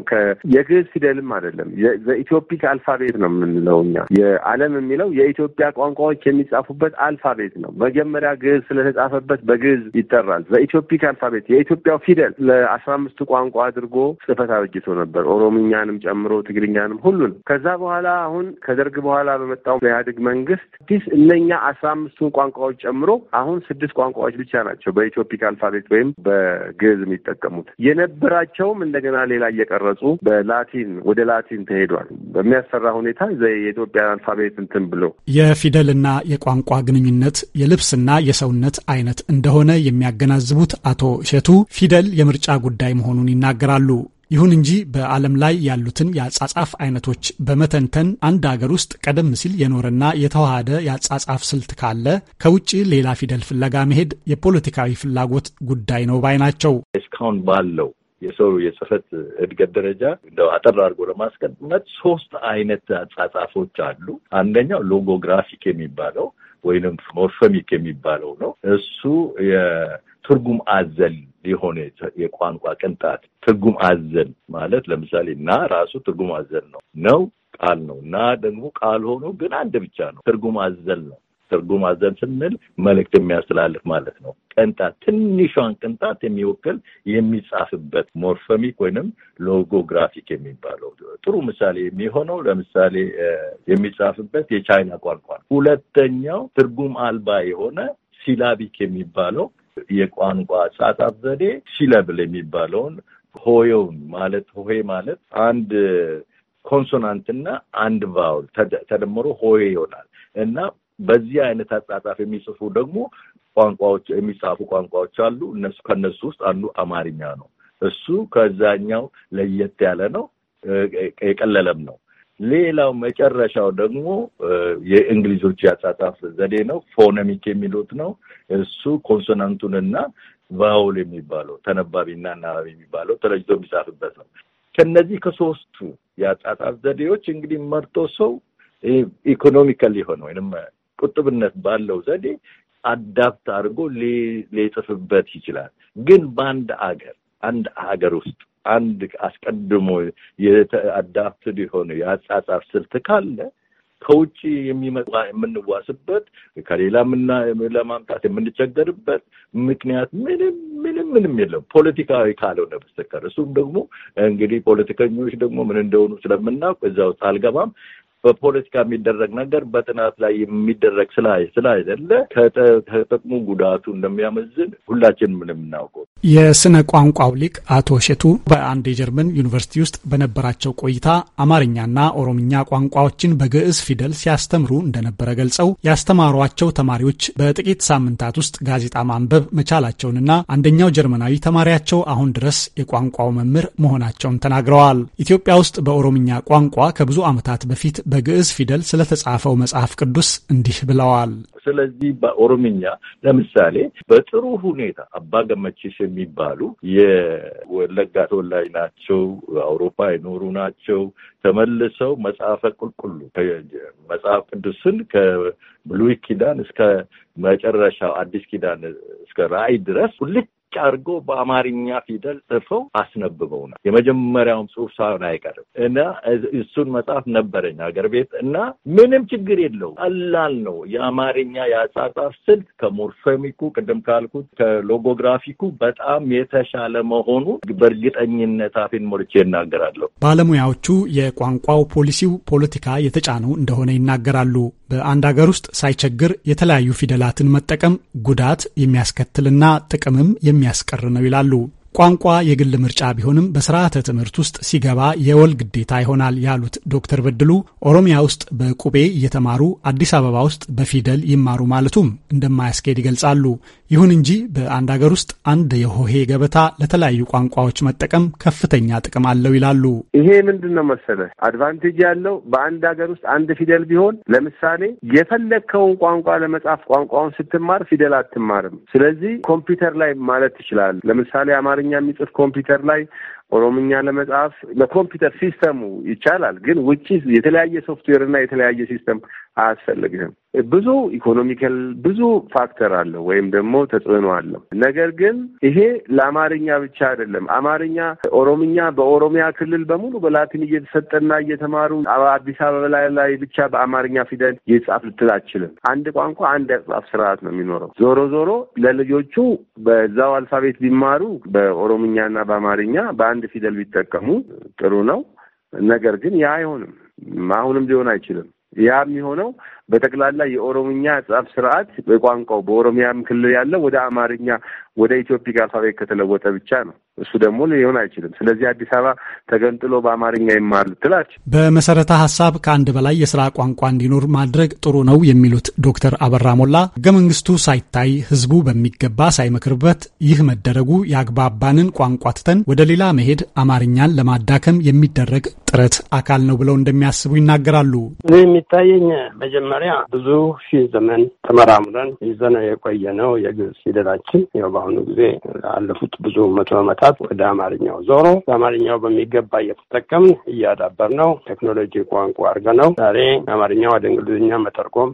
የግዕዝ ፊደልም አይደለም ዘኢትዮፒክ አልፋቤት ነው የምንለው እኛ። የዓለም የሚለው የኢትዮጵያ ቋንቋዎች የሚጻፉበት አልፋቤት ነው። መጀመሪያ ግዕዝ ስለተጻፈበት በግዕዝ ይጠራል። ዘኢትዮፒክ አልፋቤት የኢትዮጵያው ፊደል ለአስራ አምስቱ ቋንቋ አድርጎ ጽሕፈት አበጅቶ ነበር። ኦሮምኛንም ጨምሮ ትግርኛንም ሁሉን። ከዛ በኋላ አሁን ከደርግ በኋላ በመጣው በኢህአዴግ መንግስት አዲስ እነኛ አስራ አምስቱን ቋንቋዎች ጨምሮ አሁን ስድስት ቋንቋዎች ብቻ ናቸው በኢትዮፒክ አልፋቤት ወይም በግዕዝ የሚጠ የተጠቀሙት የነበራቸውም እንደገና ሌላ እየቀረጹ በላቲን ወደ ላቲን ተሄዷል። በሚያሰራ ሁኔታ የኢትዮጵያ አልፋቤት እንትን ብሎ የፊደልና የቋንቋ ግንኙነት የልብስና የሰውነት አይነት እንደሆነ የሚያገናዝቡት አቶ እሸቱ ፊደል የምርጫ ጉዳይ መሆኑን ይናገራሉ። ይሁን እንጂ በዓለም ላይ ያሉትን የአጻጻፍ አይነቶች በመተንተን አንድ አገር ውስጥ ቀደም ሲል የኖረና የተዋሃደ የአጻጻፍ ስልት ካለ ከውጭ ሌላ ፊደል ፍለጋ መሄድ የፖለቲካዊ ፍላጎት ጉዳይ ነው ባይ ናቸው። እስካሁን ባለው የሰው የጽህፈት እድገት ደረጃ እንደው አጠር አድርጎ ለማስቀመጥ ሶስት አይነት አጻጻፎች አሉ። አንደኛው ሎጎግራፊክ የሚባለው ወይንም ሞርፈሚክ የሚባለው ነው። እሱ ትርጉም አዘል የሆነ የቋንቋ ቅንጣት ትርጉም አዘል ማለት ለምሳሌ ና ራሱ ትርጉም አዘል ነው ነው ቃል ነው እና ደግሞ ቃል ሆኖ ግን አንድ ብቻ ነው። ትርጉም አዘል ነው። ትርጉም አዘል ስንል መልእክት የሚያስተላልፍ ማለት ነው። ቅንጣት ትንሿን ቅንጣት የሚወክል የሚጻፍበት ሞርፈሚክ ወይንም ሎጎግራፊክ የሚባለው ጥሩ ምሳሌ የሚሆነው ለምሳሌ የሚጻፍበት የቻይና ቋንቋ ነው። ሁለተኛው ትርጉም አልባ የሆነ ሲላቢክ የሚባለው የቋንቋ ጻጻፍ ዘዴ ሲለብል የሚባለውን ሆየውን ማለት ሆሄ ማለት አንድ ኮንሶናንትና አንድ ቫውል ተደምሮ ሆሄ ይሆናል እና በዚህ አይነት አጻጻፍ የሚጽፉ ደግሞ ቋንቋዎች የሚጻፉ ቋንቋዎች አሉ። እነሱ ከነሱ ውስጥ አንዱ አማርኛ ነው። እሱ ከዛኛው ለየት ያለ ነው፣ የቀለለም ነው። ሌላው መጨረሻው ደግሞ የእንግሊዞች ያጻጻፍ ዘዴ ነው፣ ፎነሚክ የሚሉት ነው። እሱ ኮንሶናንቱንና ቫውል የሚባለው ተነባቢና አናባቢ የሚባለው ተለይቶ የሚጻፍበት ነው። ከነዚህ ከሶስቱ የአጻጻፍ ዘዴዎች እንግዲህ መርጦ ሰው ኢኮኖሚካል የሆነ ወይም ቁጥብነት ባለው ዘዴ አዳፕት አድርጎ ሊጽፍበት ይችላል። ግን በአንድ አገር አንድ ሀገር ውስጥ አንድ አስቀድሞ አዳፕትድ የሆነ የአጻጻፍ ስልት ካለ ከውጭ የሚመጣ የምንዋስበት ከሌላ ለማምጣት የምንቸገርበት ምክንያት ምንም ምንም ምንም የለም ፖለቲካዊ ካልሆነ በስተቀር እሱም ደግሞ እንግዲህ ፖለቲከኞች ደግሞ ምን እንደሆኑ ስለምናውቅ እዛ ውስጥ አልገባም። በፖለቲካ የሚደረግ ነገር በጥናት ላይ የሚደረግ ስላይደለ ከጥቅሙ ጉዳቱ እንደሚያመዝን ሁላችንም የምናውቀው። የስነ ቋንቋው ሊቅ አቶ እሸቱ በአንድ የጀርመን ዩኒቨርሲቲ ውስጥ በነበራቸው ቆይታ አማርኛና ኦሮምኛ ቋንቋዎችን በግዕዝ ፊደል ሲያስተምሩ እንደነበረ ገልጸው ያስተማሯቸው ተማሪዎች በጥቂት ሳምንታት ውስጥ ጋዜጣ ማንበብ መቻላቸውንና አንደኛው ጀርመናዊ ተማሪያቸው አሁን ድረስ የቋንቋው መምህር መሆናቸውን ተናግረዋል። ኢትዮጵያ ውስጥ በኦሮምኛ ቋንቋ ከብዙ ዓመታት በፊት በግዕዝ ፊደል ስለተጻፈው መጽሐፍ ቅዱስ እንዲህ ብለዋል። ስለዚህ በኦሮምኛ ለምሳሌ በጥሩ ሁኔታ አባ ገመችስ የሚባሉ የወለጋ ተወላጅ ናቸው። አውሮፓ የኖሩ ናቸው። ተመልሰው መጽሐፈ ቁልቁሉ መጽሐፍ ቅዱስን ከብሉይ ኪዳን እስከ መጨረሻው አዲስ ኪዳን እስከ ራእይ ድረስ ሁልች አድርጎ በአማርኛ ፊደል ጽፈው አስነብበውናል። የመጀመሪያውም ጽሁፍ ሳይሆን አይቀርም እና እሱን መጽሐፍ ነበረኝ ሀገር ቤት እና ምንም ችግር የለው ቀላል ነው። የአማርኛ የአጻጻፍ ስልት ከሞርፌሚኩ ቅድም ካልኩት ከሎጎግራፊኩ በጣም የተሻለ መሆኑ በእርግጠኝነት አፌን ሞልቼ ይናገራለሁ። ባለሙያዎቹ የቋንቋው ፖሊሲው ፖለቲካ የተጫነው እንደሆነ ይናገራሉ። በአንድ ሀገር ውስጥ ሳይቸግር የተለያዩ ፊደላትን መጠቀም ጉዳት የሚያስከትልና ጥቅምም የሚ የሚያስቀር ነው ይላሉ። ቋንቋ የግል ምርጫ ቢሆንም በስርዓተ ትምህርት ውስጥ ሲገባ የወል ግዴታ ይሆናል ያሉት ዶክተር በድሉ ኦሮሚያ ውስጥ በቁቤ እየተማሩ አዲስ አበባ ውስጥ በፊደል ይማሩ ማለቱም እንደማያስኬድ ይገልጻሉ። ይሁን እንጂ በአንድ አገር ውስጥ አንድ የሆሄ ገበታ ለተለያዩ ቋንቋዎች መጠቀም ከፍተኛ ጥቅም አለው ይላሉ። ይሄ ምንድን ነው መሰለ አድቫንቴጅ ያለው በአንድ ሀገር ውስጥ አንድ ፊደል ቢሆን ለምሳሌ የፈለግከውን ቋንቋ ለመጻፍ ቋንቋውን ስትማር ፊደል አትማርም። ስለዚህ ኮምፒውተር ላይ ማለት ትችላለህ። ለምሳሌ በአማርኛ የሚጽፍ ኮምፒውተር ላይ ኦሮምኛ ለመጻፍ ለኮምፒውተር ሲስተሙ ይቻላል፣ ግን ውጭ የተለያየ ሶፍትዌር እና የተለያየ ሲስተም አያስፈልግህም። ብዙ ኢኮኖሚካል ብዙ ፋክተር አለው ወይም ደግሞ ተጽዕኖ አለው። ነገር ግን ይሄ ለአማርኛ ብቻ አይደለም። አማርኛ፣ ኦሮምኛ በኦሮሚያ ክልል በሙሉ በላቲን እየተሰጠና እየተማሩ አዲስ አበባ ላይ ብቻ በአማርኛ ፊደል ይጻፍ ልትል አችልም። አንድ ቋንቋ አንድ ያጻፍ ስርዓት ነው የሚኖረው። ዞሮ ዞሮ ለልጆቹ በዛው አልፋቤት ቢማሩ በኦሮምኛና በአማርኛ በአንድ አንድ ፊደል ቢጠቀሙ ጥሩ ነው። ነገር ግን ያ አይሆንም፣ አሁንም ሊሆን አይችልም። ያ የሚሆነው በጠቅላላ የኦሮምኛ ጻፍ ስርዓት በቋንቋው በኦሮሚያም ክልል ያለው ወደ አማርኛ ወደ ኢትዮፒክ አልፋቤት ከተለወጠ ብቻ ነው። እሱ ደግሞ ሊሆን አይችልም። ስለዚህ አዲስ አበባ ተገንጥሎ በአማርኛ ይማር ትላች። በመሰረተ ሀሳብ ከአንድ በላይ የስራ ቋንቋ እንዲኖር ማድረግ ጥሩ ነው የሚሉት ዶክተር አበራ ሞላ ህገ መንግስቱ ሳይታይ ህዝቡ በሚገባ ሳይመክርበት ይህ መደረጉ የአግባባንን ቋንቋ ትተን ወደ ሌላ መሄድ አማርኛን ለማዳከም የሚደረግ ጥረት አካል ነው ብለው እንደሚያስቡ ይናገራሉ። እኔ የሚታየኝ መጀመሪያ ብዙ ሺህ ዘመን ተመራምረን ይዘነው የቆየ ነው የግዕዝ ፊደላችን በአሁኑ ጊዜ ላለፉት ብዙ መቶ ዓመታት ወደ አማርኛው ዞሮ በአማርኛው በሚገባ እየተጠቀምን እያዳበር ነው ቴክኖሎጂ ቋንቋ አድርገ ነው ዛሬ አማርኛ ወደ እንግሊዝኛ መተርጎም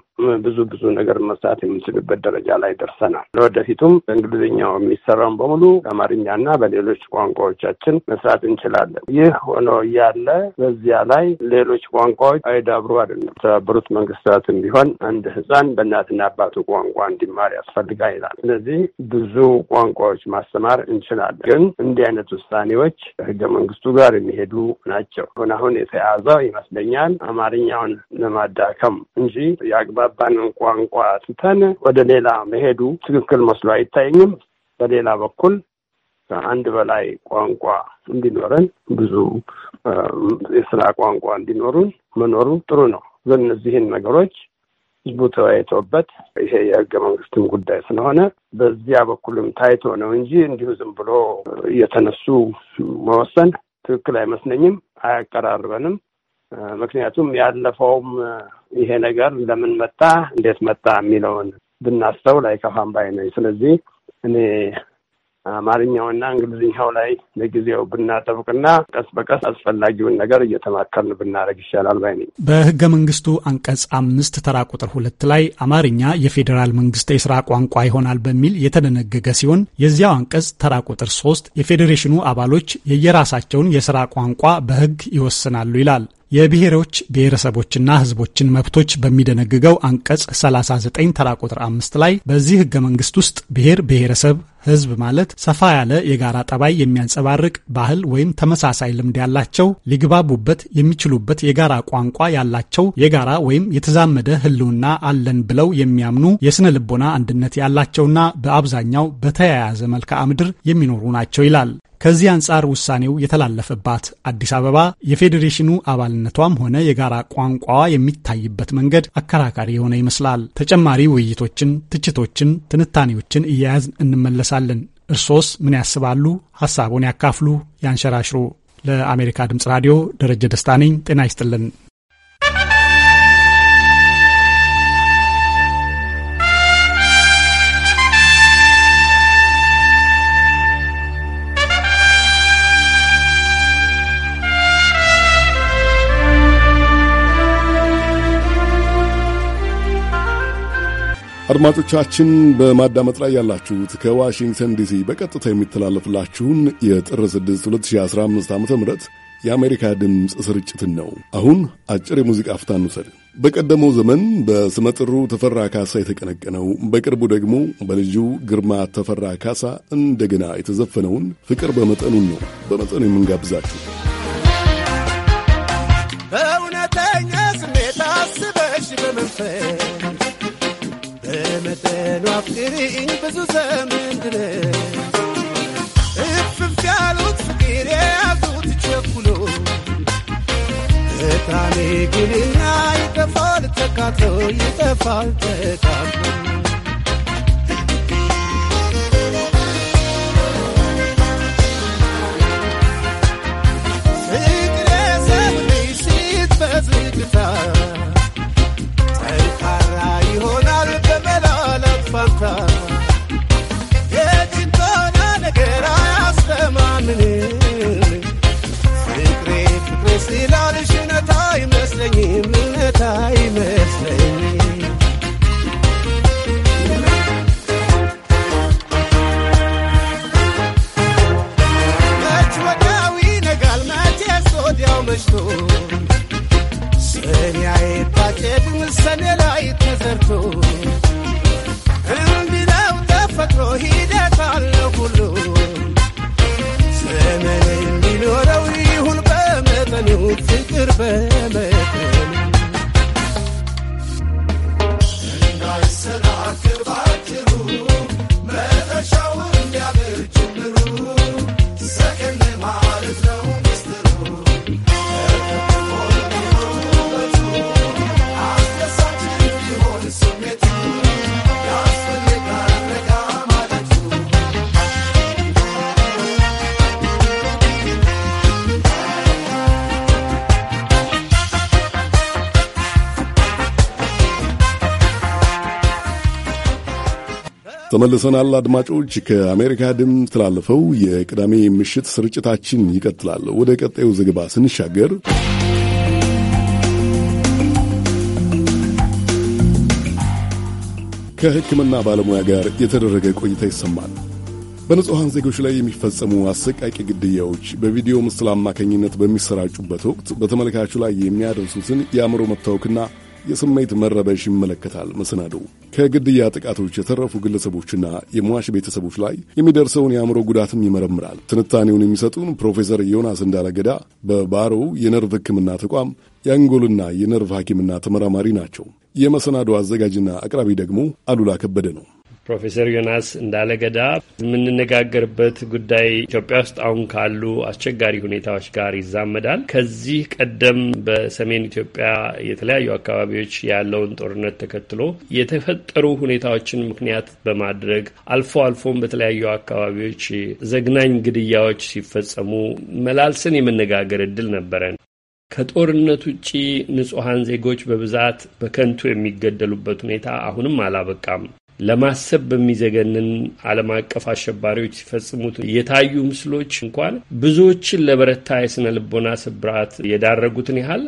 ብዙ ብዙ ነገር መስራት የምንችልበት ደረጃ ላይ ደርሰናል። ለወደፊቱም በእንግሊዝኛው የሚሰራውን በሙሉ በአማርኛና በሌሎች ቋንቋዎቻችን መስራት እንችላለን። ይህ ሆኖ ያለ በዚያ ላይ ሌሎች ቋንቋዎች አይዳብሩ አይደለም። የተባበሩት መንግስታትም ቢሆን አንድ ህፃን በእናትና አባቱ ቋንቋ እንዲማር ያስፈልጋል ይላል። ስለዚህ ብዙ ቋንቋዎች ማስተማር እንችላለን። ግን እንዲህ አይነት ውሳኔዎች ከህገ መንግስቱ ጋር የሚሄዱ ናቸው። አሁን አሁን የተያዘ ይመስለኛል አማርኛውን ለማዳከም እንጂ የአግባባንን ቋንቋ ትተን ወደ ሌላ መሄዱ ትክክል መስሎ አይታየኝም። በሌላ በኩል ከአንድ በላይ ቋንቋ እንዲኖረን ብዙ የስራ ቋንቋ እንዲኖሩን መኖሩ ጥሩ ነው። ግን እነዚህን ነገሮች ህዝቡ ተወያይቶበት ይሄ የህገ መንግስትም ጉዳይ ስለሆነ በዚያ በኩልም ታይቶ ነው እንጂ እንዲሁ ዝም ብሎ እየተነሱ መወሰን ትክክል አይመስለኝም፣ አያቀራርበንም። ምክንያቱም ያለፈውም ይሄ ነገር ለምን መጣ፣ እንዴት መጣ የሚለውን ብናስተው ላይ ባይ ነኝ። ስለዚህ እኔ አማርኛውና እንግሊዝኛው ላይ ለጊዜው ብናጠብቅና ቀስ በቀስ አስፈላጊውን ነገር እየተማከርን ብናደረግ ይሻላል ባይ ነኝ። በህገ መንግስቱ አንቀጽ አምስት ተራ ቁጥር ሁለት ላይ አማርኛ የፌዴራል መንግስት የስራ ቋንቋ ይሆናል በሚል የተደነገገ ሲሆን የዚያው አንቀጽ ተራ ቁጥር ሶስት የፌዴሬሽኑ አባሎች የየራሳቸውን የስራ ቋንቋ በህግ ይወስናሉ ይላል። የብሔሮች ብሔረሰቦችና ህዝቦችን መብቶች በሚደነግገው አንቀጽ 39 ተራ ቁጥር 5 ላይ በዚህ ህገ መንግስት ውስጥ ብሔር ብሔረሰብ ህዝብ ማለት ሰፋ ያለ የጋራ ጠባይ የሚያንጸባርቅ ባህል ወይም ተመሳሳይ ልምድ ያላቸው ሊግባቡበት የሚችሉበት የጋራ ቋንቋ ያላቸው የጋራ ወይም የተዛመደ ህልውና አለን ብለው የሚያምኑ የስነ ልቦና አንድነት ያላቸውና በአብዛኛው በተያያዘ መልክዓ ምድር የሚኖሩ ናቸው ይላል። ከዚህ አንጻር ውሳኔው የተላለፈባት አዲስ አበባ የፌዴሬሽኑ አባልነቷም ሆነ የጋራ ቋንቋዋ የሚታይበት መንገድ አከራካሪ የሆነ ይመስላል። ተጨማሪ ውይይቶችን፣ ትችቶችን፣ ትንታኔዎችን እያያዝ እንመለሳል። እናነሳለን። እርሶስ ምን ያስባሉ? ሀሳቡን ያካፍሉ፣ ያንሸራሽሩ። ለአሜሪካ ድምፅ ራዲዮ ደረጀ ደስታ ነኝ። ጤና ይስጥልን። አድማጮቻችን በማዳመጥ ላይ ያላችሁት ከዋሽንግተን ዲሲ በቀጥታ የሚተላለፍላችሁን የጥር 6 2015 ዓ ም የአሜሪካ ድምፅ ስርጭትን ነው። አሁን አጭር የሙዚቃ አፍታ እንውሰድ። በቀደመው ዘመን በስመጥሩ ተፈራ ካሳ የተቀነቀነው በቅርቡ ደግሞ በልጁ ግርማ ተፈራ ካሳ እንደገና የተዘፈነውን ፍቅር በመጠኑን ነው በመጠኑ የምንጋብዛችሁ። በእውነተኛ ስሜት አስበሽ በመንፈስ በመጠኑ አፍቅሪኝ ብዙ ዘመን ድረስ እፍፍ ያሉት ፍቅር የያዙት ቸኩሎ እታኔ ግንና ይጠፋል ተካቶ ይጠፋል ተካቶ እውነት አይመስለኝ መች ወዲያው ይነጋል መቼስ ወዲያው መሽቶ ሰኔ አይታጨድ ሰኔ ላይ ተዘርቶ እንዲህ ነው ተፈጥሮ ሂደት ተመልሰናል አድማጮች። ከአሜሪካ ድምፅ ተላለፈው የቅዳሜ ምሽት ስርጭታችን ይቀጥላል። ወደ ቀጣዩ ዘገባ ስንሻገር ከሕክምና ባለሙያ ጋር የተደረገ ቆይታ ይሰማል። በንጹሐን ዜጎች ላይ የሚፈጸሙ አሰቃቂ ግድያዎች በቪዲዮ ምስል አማካኝነት በሚሰራጩበት ወቅት በተመልካቹ ላይ የሚያደርሱትን የአእምሮ መታወክና የስሜት መረበሽ ይመለከታል። መሰናዶው ከግድያ ጥቃቶች የተረፉ ግለሰቦችና የሟች ቤተሰቦች ላይ የሚደርሰውን የአእምሮ ጉዳትም ይመረምራል። ትንታኔውን የሚሰጡን ፕሮፌሰር ዮናስ እንዳለገዳ በባሮ የነርቭ ሕክምና ተቋም የአንጎልና የነርቭ ሐኪምና ተመራማሪ ናቸው። የመሰናዶ አዘጋጅና አቅራቢ ደግሞ አሉላ ከበደ ነው። ፕሮፌሰር ዮናስ እንዳለገዳ የምንነጋገርበት ጉዳይ ኢትዮጵያ ውስጥ አሁን ካሉ አስቸጋሪ ሁኔታዎች ጋር ይዛመዳል። ከዚህ ቀደም በሰሜን ኢትዮጵያ የተለያዩ አካባቢዎች ያለውን ጦርነት ተከትሎ የተፈጠሩ ሁኔታዎችን ምክንያት በማድረግ አልፎ አልፎም በተለያዩ አካባቢዎች ዘግናኝ ግድያዎች ሲፈጸሙ መላልስን የመነጋገር እድል ነበረን። ከጦርነት ውጪ ንጹሐን ዜጎች በብዛት በከንቱ የሚገደሉበት ሁኔታ አሁንም አላበቃም። ለማሰብ በሚዘገንን ዓለም አቀፍ አሸባሪዎች ሲፈጽሙት የታዩ ምስሎች እንኳን ብዙዎችን ለበረታ የስነ ልቦና ስብራት የዳረጉትን ያህል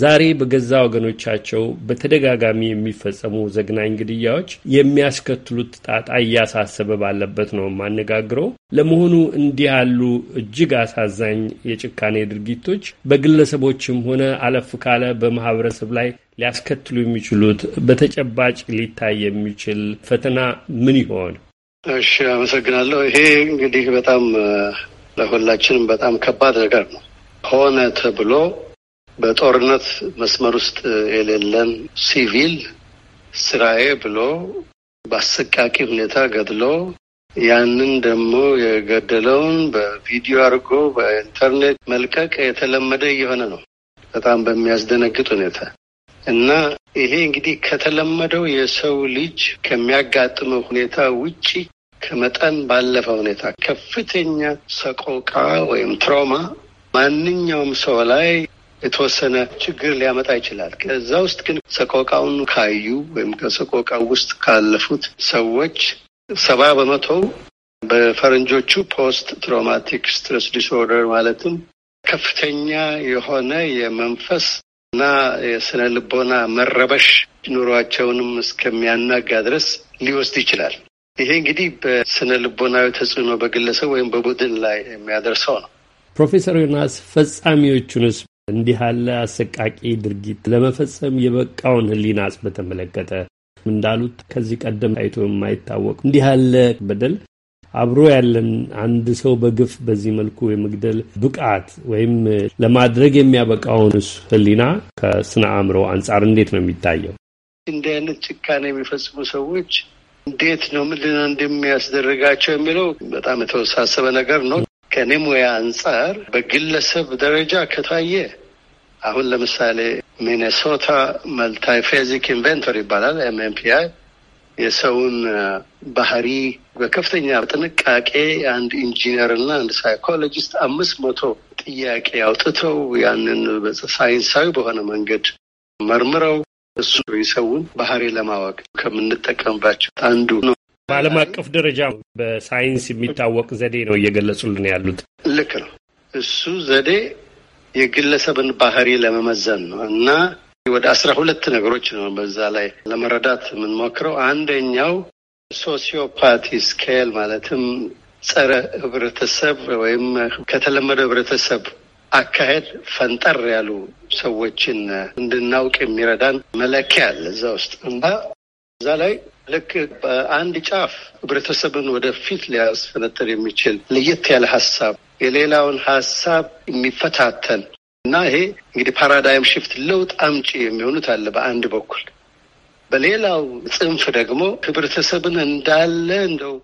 ዛሬ በገዛ ወገኖቻቸው በተደጋጋሚ የሚፈጸሙ ዘግናኝ ግድያዎች የሚያስከትሉት ጣጣ እያሳሰበ ባለበት ነው የማነጋግረው። ለመሆኑ እንዲህ ያሉ እጅግ አሳዛኝ የጭካኔ ድርጊቶች በግለሰቦችም ሆነ አለፍ ካለ በማህበረሰብ ላይ ሊያስከትሉ የሚችሉት በተጨባጭ ሊታይ የሚችል ፈተና ምን ይሆን? እሺ፣ አመሰግናለሁ። ይሄ እንግዲህ በጣም ለሁላችንም በጣም ከባድ ነገር ነው። ሆነ ተብሎ በጦርነት መስመር ውስጥ የሌለን ሲቪል ስራዬ ብሎ በአሰቃቂ ሁኔታ ገድሎ ያንን ደግሞ የገደለውን በቪዲዮ አድርጎ በኢንተርኔት መልቀቅ የተለመደ እየሆነ ነው፣ በጣም በሚያስደነግጥ ሁኔታ እና ይሄ እንግዲህ ከተለመደው የሰው ልጅ ከሚያጋጥመው ሁኔታ ውጪ ከመጠን ባለፈ ሁኔታ ከፍተኛ ሰቆቃ ወይም ትራውማ ማንኛውም ሰው ላይ የተወሰነ ችግር ሊያመጣ ይችላል። ከዛ ውስጥ ግን ሰቆቃውን ካዩ ወይም ከሰቆቃው ውስጥ ካለፉት ሰዎች ሰባ በመቶ በፈረንጆቹ ፖስት ትራውማቲክ ስትረስ ዲስኦርደር ማለትም ከፍተኛ የሆነ የመንፈስ እና የስነ ልቦና መረበሽ ኑሯቸውንም እስከሚያናጋ ድረስ ሊወስድ ይችላል። ይሄ እንግዲህ በስነ ልቦናዊ ተጽዕኖ በግለሰብ ወይም በቡድን ላይ የሚያደርሰው ነው። ፕሮፌሰር ዮናስ ፈጻሚዎቹንስ እንዲህ ያለ አሰቃቂ ድርጊት ለመፈጸም የበቃውን ህሊናስ በተመለከተ እንዳሉት ከዚህ ቀደም ታይቶ የማይታወቅ እንዲህ ያለ በደል አብሮ ያለን አንድ ሰው በግፍ በዚህ መልኩ የመግደል ብቃት ወይም ለማድረግ የሚያበቃውን ህሊና ከስነ አእምሮ አንጻር እንዴት ነው የሚታየው? እንዲህ አይነት ጭካኔ የሚፈጽሙ ሰዎች እንዴት ነው ምንድን እንደሚያስደርጋቸው የሚለው በጣም የተወሳሰበ ነገር ነው። ከእኔ ሙያ አንጻር በግለሰብ ደረጃ ከታየ አሁን ለምሳሌ ሚኔሶታ መልታይፌዚክ ኢንቨንቶር ይባላል ኤምኤምፒአይ የሰውን ባህሪ በከፍተኛ ጥንቃቄ አንድ ኢንጂነር እና አንድ ሳይኮሎጂስት አምስት መቶ ጥያቄ አውጥተው ያንን ሳይንሳዊ በሆነ መንገድ መርምረው እሱ የሰውን ባህሪ ለማወቅ ከምንጠቀምባቸው አንዱ ነው። በዓለም አቀፍ ደረጃ በሳይንስ የሚታወቅ ዘዴ ነው እየገለጹልን ያሉት። ልክ ነው። እሱ ዘዴ የግለሰብን ባህሪ ለመመዘን ነው እና ወደ አስራ ሁለት ነገሮች ነው በዛ ላይ ለመረዳት የምንሞክረው። አንደኛው ሶሲዮፓቲ ስኬል ማለትም ጸረ ህብረተሰብ ወይም ከተለመደው ህብረተሰብ አካሄድ ፈንጠር ያሉ ሰዎችን እንድናውቅ የሚረዳን መለኪያ አለ እዛ ውስጥ እና እዛ ላይ ልክ በአንድ ጫፍ ህብረተሰብን ወደፊት ሊያስፈነጥር የሚችል ለየት ያለ ሀሳብ የሌላውን ሀሳብ የሚፈታተን እና ይሄ እንግዲህ ፓራዳይም ሽፍት ለውጥ አምጪ የሚሆኑት አለ በአንድ በኩል፣ በሌላው ጽንፍ ደግሞ ህብረተሰብን እንዳለ እንደው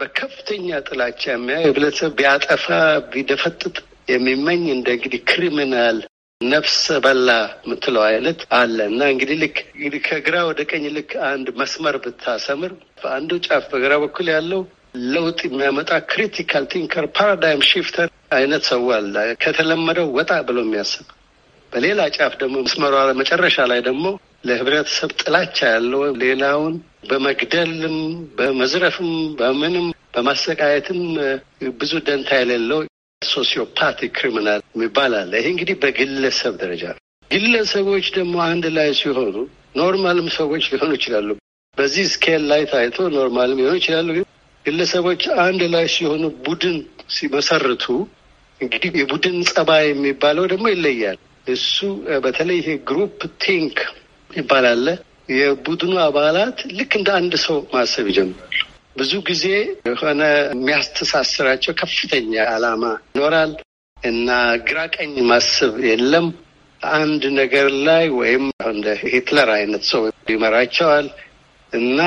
በከፍተኛ ጥላቻ የሚያ ህብረተሰብ ቢያጠፋ ቢደፈጥጥ የሚመኝ እንደ እንግዲህ ክሪሚናል ነፍስ በላ የምትለው አይነት አለ እና እንግዲህ ልክ ከግራ ወደ ቀኝ ልክ አንድ መስመር ብታሰምር በአንዱ ጫፍ በግራ በኩል ያለው ለውጥ የሚያመጣ ክሪቲካል ቲንከር ፓራዳይም ሺፍተር አይነት ሰው አለ፣ ከተለመደው ወጣ ብሎ የሚያስብ። በሌላ ጫፍ ደግሞ መስመሯ መጨረሻ ላይ ደግሞ ለህብረተሰብ ጥላቻ ያለው ሌላውን በመግደልም በመዝረፍም በምንም በማሰቃየትም ብዙ ደንታ የሌለው ሶሲዮፓቲ ክሪሚናል የሚባል አለ። ይሄ እንግዲህ በግለሰብ ደረጃ ነው። ግለሰቦች ደግሞ አንድ ላይ ሲሆኑ ኖርማልም ሰዎች ሊሆኑ ይችላሉ። በዚህ ስኬል ላይ ታይቶ ኖርማልም ሊሆኑ ይችላሉ። ግለሰቦች አንድ ላይ ሲሆኑ ቡድን ሲመሰርቱ እንግዲህ የቡድን ጸባይ የሚባለው ደግሞ ይለያል። እሱ በተለይ ይሄ ግሩፕ ቲንክ ይባላል። የቡድኑ አባላት ልክ እንደ አንድ ሰው ማሰብ ይጀምራሉ። ብዙ ጊዜ የሆነ የሚያስተሳስራቸው ከፍተኛ ዓላማ ይኖራል እና ግራ ቀኝ ማስብ የለም። አንድ ነገር ላይ ወይም እንደ ሂትለር አይነት ሰው ይመራቸዋል እና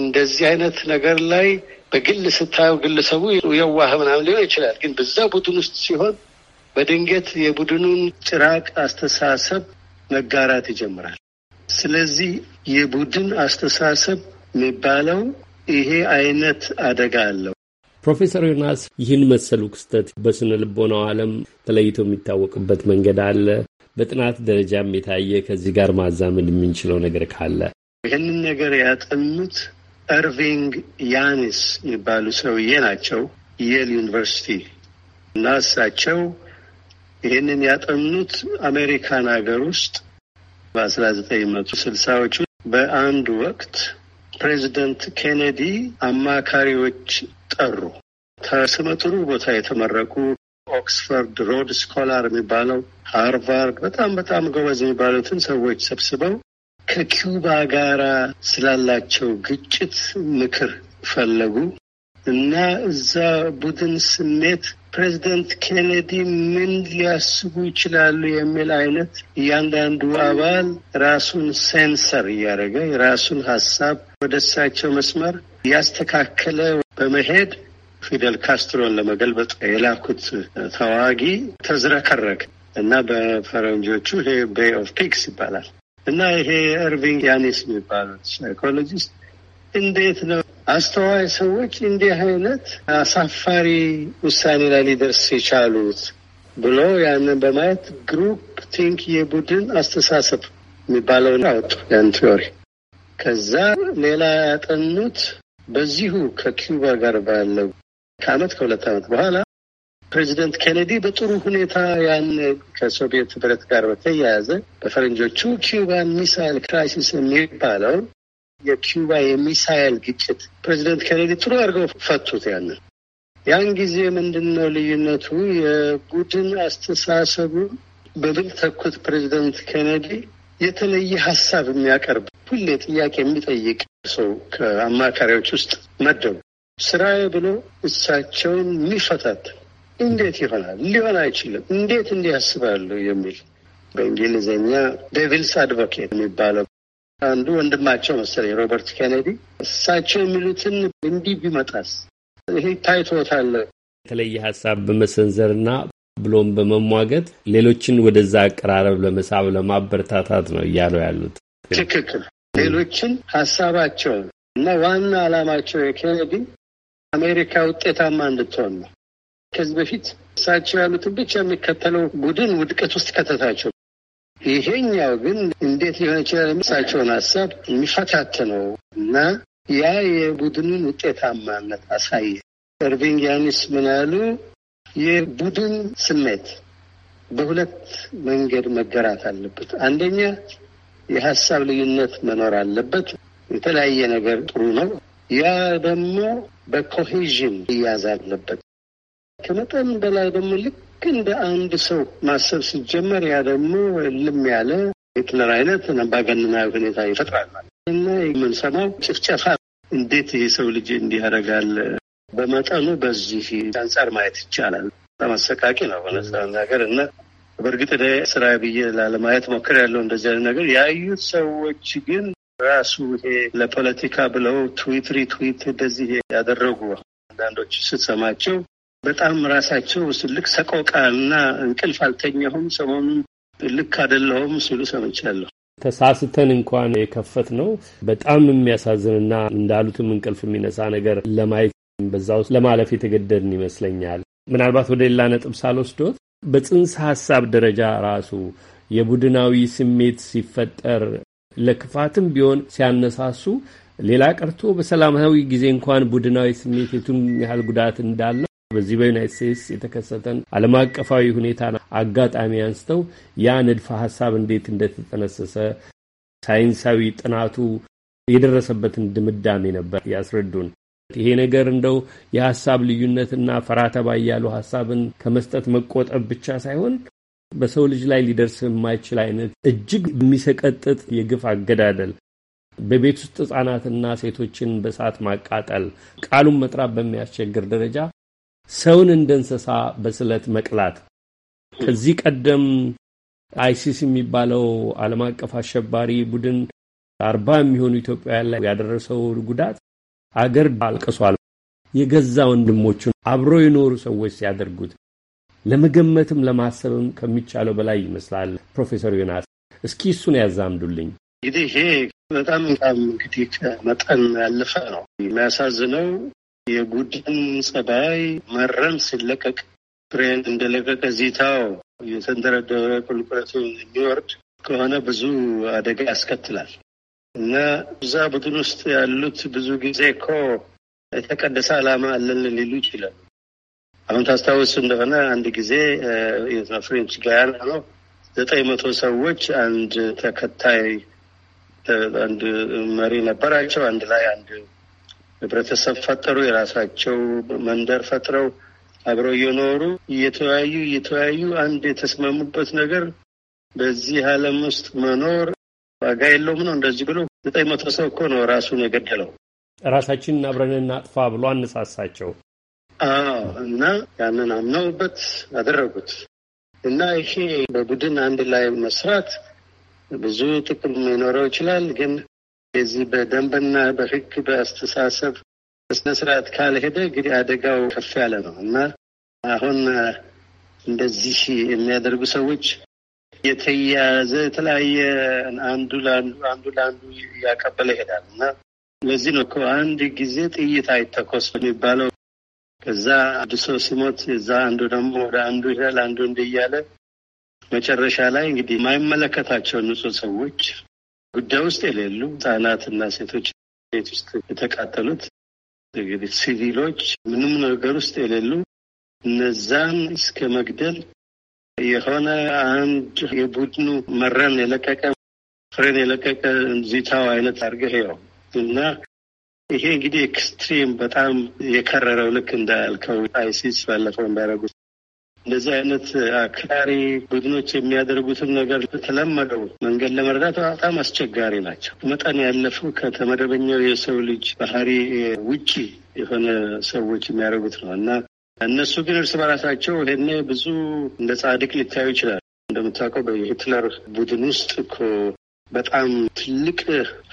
እንደዚህ አይነት ነገር ላይ በግል ስታየው ግለሰቡ የዋህ ምናምን ሊሆን ይችላል። ግን በዛ ቡድን ውስጥ ሲሆን በድንገት የቡድኑን ጭራቅ አስተሳሰብ መጋራት ይጀምራል። ስለዚህ የቡድን አስተሳሰብ የሚባለው ይሄ አይነት አደጋ አለው። ፕሮፌሰር ዮናስ ይህን መሰሉ ክስተት በስነ ልቦናው ዓለም ተለይቶ የሚታወቅበት መንገድ አለ። በጥናት ደረጃም የታየ ከዚህ ጋር ማዛመድ የምንችለው ነገር ካለ ይህንን ነገር ያጠኑት እርቪንግ ያኒስ የሚባሉ ሰውዬ ናቸው፣ የል ዩኒቨርሲቲ እና እሳቸው ይህንን ያጠኑት አሜሪካን ሀገር ውስጥ በአስራ ዘጠኝ መቶ ስልሳዎቹ በአንድ ወቅት ፕሬዚደንት ኬኔዲ አማካሪዎች ጠሩ። ከስመ ጥሩ ቦታ የተመረቁ ኦክስፎርድ ሮድ ስኮላር የሚባለው ሃርቫርድ በጣም በጣም ጎበዝ የሚባሉትን ሰዎች ሰብስበው ከኪዩባ ጋራ ስላላቸው ግጭት ምክር ፈለጉ እና እዛ ቡድን ስሜት ፕሬዚደንት ኬኔዲ ምን ሊያስቡ ይችላሉ የሚል አይነት እያንዳንዱ አባል ራሱን ሴንሰር እያደረገ የራሱን ሀሳብ ወደ እሳቸው መስመር ያስተካከለ በመሄድ ፊደል ካስትሮን ለመገልበጥ የላኩት ተዋጊ ተዝረከረከ እና በፈረንጆቹ ይሄ ቤይ ኦፍ ፒክስ ይባላል እና ይሄ እርቪንግ ያኒስ የሚባሉት ሳይኮሎጂስት እንዴት ነው አስተዋይ ሰዎች እንዲህ አይነት አሳፋሪ ውሳኔ ላይ ሊደርስ የቻሉት ብሎ ያንን በማየት ግሩፕ ቲንክ የቡድን አስተሳሰብ የሚባለውን አወጡ። ያን ቲዮሪ ከዛ ሌላ ያጠኑት በዚሁ ከኪዩባ ጋር ባለው ከአመት ከሁለት ዓመት በኋላ ፕሬዚደንት ኬኔዲ በጥሩ ሁኔታ ያን ከሶቪየት ህብረት ጋር በተያያዘ በፈረንጆቹ ኪዩባን ሚሳይል ክራይሲስ የሚባለው የኪዩባ የሚሳይል ግጭት ፕሬዚደንት ኬኔዲ ጥሩ አድርገው ፈቱት። ያንን ያን ጊዜ ምንድን ነው ልዩነቱ? የቡድን አስተሳሰቡ በብል ተኩት ፕሬዚደንት ኬኔዲ የተለየ ሀሳብ የሚያቀርብ ሁሌ ጥያቄ የሚጠይቅ ሰው ከአማካሪዎች ውስጥ መደቡ። ስራዬ ብሎ እሳቸውን የሚፈታተል እንዴት ይሆናል? ሊሆን አይችልም። እንዴት እንዲያስባሉ የሚል በእንግሊዝኛ ዴቪልስ አድቮኬት የሚባለው አንዱ ወንድማቸው መሰለኝ ሮበርት ኬኔዲ እሳቸው የሚሉትን እንዲህ ቢመጣስ ይሄ ታይቶታል። የተለየ ሀሳብ በመሰንዘርና ብሎም በመሟገት ሌሎችን ወደዛ አቀራረብ ለመሳብ ለማበረታታት ነው እያሉ ያሉት ትክክል። ሌሎችን ሀሳባቸውን እና ዋና አላማቸው የኬኔዲ አሜሪካ ውጤታማ እንድትሆን ነው። ከዚህ በፊት እሳቸው ያሉትን ብቻ የሚከተለው ቡድን ውድቀት ውስጥ ከተታቸው። ይሄኛው ግን እንዴት ሊሆን ይችላል የሚሳቸውን ሀሳብ የሚፈታተነው እና ያ የቡድኑን ውጤታማነት አሳየ። እርቪንግ ያኒስ ምናሉ የቡድን ስሜት በሁለት መንገድ መገራት አለበት። አንደኛ የሀሳብ ልዩነት መኖር አለበት። የተለያየ ነገር ጥሩ ነው። ያ ደግሞ በኮሄዥን እያዝ አለበት። ከመጠን በላይ ደግሞ ልክ ግን አንድ ሰው ማሰብ ሲጀመር ያ ደግሞ ልም ያለ ሂትለር አይነት አምባገነናዊ ሁኔታ ይፈጥራል ማለት እና የምንሰማው ጭፍጨፋ እንዴት ይህ ሰው ልጅ እንዲህ ያደርጋል? በመጠኑ በዚህ አንጻር ማየት ይቻላል። በጣም አሰቃቂ ነው በነሳ ነገር እና በእርግጥ ደ ስራ ብዬ ላለማየት ሞክር ያለው እንደዚህ አይነት ነገር ያዩት ሰዎች ግን ራሱ ይሄ ለፖለቲካ ብለው ትዊት ሪትዊት እንደዚህ ያደረጉ አንዳንዶች ስትሰማቸው በጣም ራሳቸው ስልክ ሰቆቃ እና እንቅልፍ አልተኛሁም ሰሞኑን ልክ አደለሁም ሲሉ ሰምቻለሁ። ተሳስተን እንኳን የከፈት ነው በጣም የሚያሳዝንና እንዳሉትም እንቅልፍ የሚነሳ ነገር ለማየት በዛ ውስጥ ለማለፍ የተገደድን ይመስለኛል። ምናልባት ወደ ሌላ ነጥብ ሳልወስዶት በጽንሰ ሀሳብ ደረጃ ራሱ የቡድናዊ ስሜት ሲፈጠር ለክፋትም ቢሆን ሲያነሳሱ ሌላ ቀርቶ በሰላማዊ ጊዜ እንኳን ቡድናዊ ስሜት የቱን ያህል ጉዳት እንዳለ በዚህ በዩናይት ስቴትስ የተከሰተን ዓለም አቀፋዊ ሁኔታ አጋጣሚ አንስተው ያ ንድፈ ሀሳብ እንዴት እንደተጠነሰሰ ሳይንሳዊ ጥናቱ የደረሰበትን ድምዳሜ ነበር ያስረዱን። ይሄ ነገር እንደው የሀሳብ ልዩነትና ፈራተባ ያሉ ሀሳብን ከመስጠት መቆጠብ ብቻ ሳይሆን በሰው ልጅ ላይ ሊደርስ የማይችል አይነት እጅግ የሚሰቀጥጥ የግፍ አገዳደል በቤት ውስጥ ህጻናትና ሴቶችን በእሳት ማቃጠል ቃሉን መጥራት በሚያስቸግር ደረጃ ሰውን እንደ እንስሳ በስለት መቅላት ከዚህ ቀደም አይሲስ የሚባለው ዓለም አቀፍ አሸባሪ ቡድን አርባ የሚሆኑ ኢትዮጵያውያን ላይ ያደረሰው ጉዳት አገር አልቅሷል። የገዛ ወንድሞቹን አብሮ የኖሩ ሰዎች ሲያደርጉት ለመገመትም ለማሰብም ከሚቻለው በላይ ይመስላል። ፕሮፌሰር ዮናስ እስኪ እሱን ያዛምዱልኝ። እንግዲህ ይሄ በጣም በጣም እንግዲህ ከመጠን ያለፈ ነው። የሚያሳዝነው የቡድን ጸባይ መረም ሲለቀቅ ፍሬን እንደለቀቀ ዚታው የተንደረደረ ቁልቁለቱን የሚወርድ ከሆነ ብዙ አደጋ ያስከትላል እና እዛ ቡድን ውስጥ ያሉት ብዙ ጊዜ እኮ የተቀደሰ ዓላማ አለን ሊሉ ይችላሉ። አሁን ታስታውስ እንደሆነ አንድ ጊዜ ፍሬንች ጋያና ነው ዘጠኝ መቶ ሰዎች አንድ ተከታይ አንድ መሪ ነበራቸው። አንድ ላይ አንድ ህብረተሰብ ፈጠሩ። የራሳቸው መንደር ፈጥረው አብረው እየኖሩ እየተወያዩ እየተወያዩ አንድ የተስማሙበት ነገር በዚህ ዓለም ውስጥ መኖር ዋጋ የለውም ነው። እንደዚህ ብሎ ዘጠኝ መቶ ሰው እኮ ነው ራሱን የገደለው። ራሳችንን አብረን እናጥፋ ብሎ አነሳሳቸው። እና ያንን አምነውበት አደረጉት። እና ይሄ በቡድን አንድ ላይ መስራት ብዙ ጥቅም ሊኖረው ይችላል፣ ግን የዚህ በደንብና በህግ በአስተሳሰብ በስነ ስርዓት ካልሄደ እንግዲህ አደጋው ከፍ ያለ ነው እና አሁን እንደዚህ የሚያደርጉ ሰዎች የተያያዘ የተለያየ አንዱ ለአንዱ አንዱ ለአንዱ እያቀበለ ይሄዳል እና ለዚህ ነው እኮ አንድ ጊዜ ጥይት አይተኮስ የሚባለው። ከዛ አንድ ሰው ሲሞት እዛ አንዱ ደግሞ ወደ አንዱ ይላል አንዱ እንዲህ እያለ መጨረሻ ላይ እንግዲህ የማይመለከታቸው ንጹህ ሰዎች ጉዳይ ውስጥ የሌሉ ህጻናትና ሴቶች ቤት ውስጥ የተቃጠሉት እንግዲህ ሲቪሎች ምንም ነገር ውስጥ የሌሉ እነዛን እስከ መግደል የሆነ አንድ የቡድኑ መረን የለቀቀ ፍሬን የለቀቀ ዚታው አይነት አድርገህ ያው እና ይሄ እንግዲህ ኤክስትሪም በጣም የከረረው ልክ እንዳያልከው አይሲስ ባለፈው እንዳደረጉት እንደዚህ አይነት አክራሪ ቡድኖች የሚያደርጉትን ነገር ተለመደው መንገድ ለመረዳት በጣም አስቸጋሪ ናቸው። መጠን ያለፉ ከተመደበኛው የሰው ልጅ ባህሪ ውጪ የሆነ ሰዎች የሚያደርጉት ነው እና እነሱ ግን እርስ በራሳቸው ይሄኔ ብዙ እንደ ጻድቅ ሊታዩ ይችላል። እንደምታውቀው በሂትለር ቡድን ውስጥ እኮ በጣም ትልቅ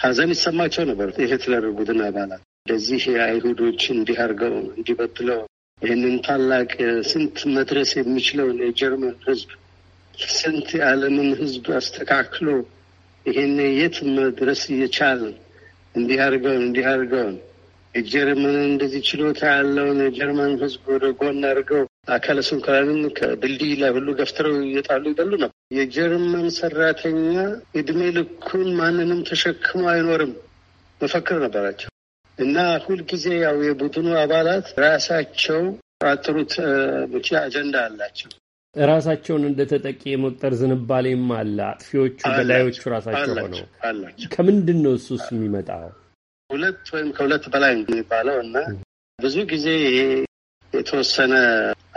ሀዘን ይሰማቸው ነበር የሂትለር ቡድን አባላት እንደዚህ አይሁዶች እንዲህ አድርገው እንዲበትለው ይህንን ታላቅ ስንት መድረስ የሚችለውን የጀርመን ህዝብ ስንት የዓለምን ህዝብ አስተካክሎ ይህን የት መድረስ እየቻልን እንዲህ አድርገውን እንዲህ የጀርመንን እንደዚህ ችሎታ ያለውን የጀርመን ህዝብ ወደ ጎን አድርገው አካለ ስንኩላንን ከድልድይ ላይ ሁሉ ገፍትረው እየጣሉ ይበሉ ነው። የጀርመን ሰራተኛ እድሜ ልኩን ማንንም ተሸክሞ አይኖርም መፈክር ነበራቸው። እና ሁልጊዜ ያው የቡድኑ አባላት ራሳቸው አጥሩት ብቻ አጀንዳ አላቸው። ራሳቸውን እንደ ተጠቂ የመቁጠር ዝንባሌም አለ። አጥፊዎቹ በላዮቹ ራሳቸው ሆነው ከምንድን ነው እሱስ የሚመጣው? ሁለት ወይም ከሁለት በላይ የሚባለው እና ብዙ ጊዜ ይሄ የተወሰነ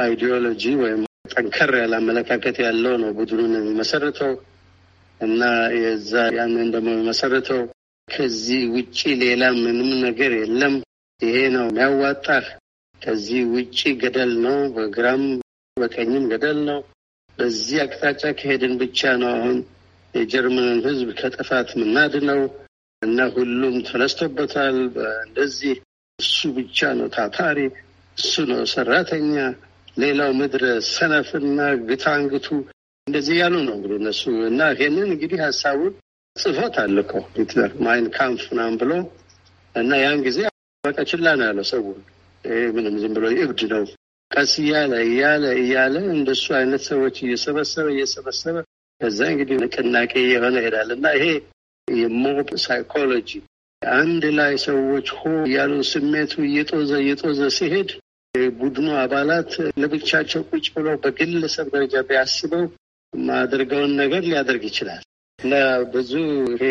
አይዲዮሎጂ ወይም ጠንከር ያለ አመለካከት ያለው ነው ቡድኑን የሚመሰርተው እና የዛ ያንን ደግሞ የሚመሰርተው ከዚህ ውጪ ሌላ ምንም ነገር የለም። ይሄ ነው የሚያዋጣህ። ከዚህ ውጪ ገደል ነው፣ በግራም በቀኝም ገደል ነው። በዚህ አቅጣጫ ከሄድን ብቻ ነው አሁን የጀርመንን ሕዝብ ከጥፋት ምናድነው እና ሁሉም ተነስቶበታል። እንደዚህ እሱ ብቻ ነው ታታሪ፣ እሱ ነው ሰራተኛ፣ ሌላው ምድረ ሰነፍና ግታንግቱ እንደዚህ ያሉ ነው እንግዲህ እነሱ እና ይህንን እንግዲህ ሀሳቡን ጽፈት አለኮ ሂትለር ማይን ካምፍ ምናምን ብሎ እና ያን ጊዜ በቃ ችላ ነው ያለው ሰው ምንም ዝም ብሎ እብድ ነው። ቀስ እያለ እያለ እያለ እንደሱ አይነት ሰዎች እየሰበሰበ እየሰበሰበ ከዛ እንግዲህ ንቅናቄ የሆነ ይሄዳል እና ይሄ የሞብ ሳይኮሎጂ አንድ ላይ ሰዎች ሆ እያሉ ስሜቱ እየጦዘ እየጦዘ ሲሄድ የቡድኑ አባላት ለብቻቸው ቁጭ ብለው በግለሰብ ደረጃ ቢያስበው ማድርገውን ነገር ሊያደርግ ይችላል። እና ብዙ ይሄ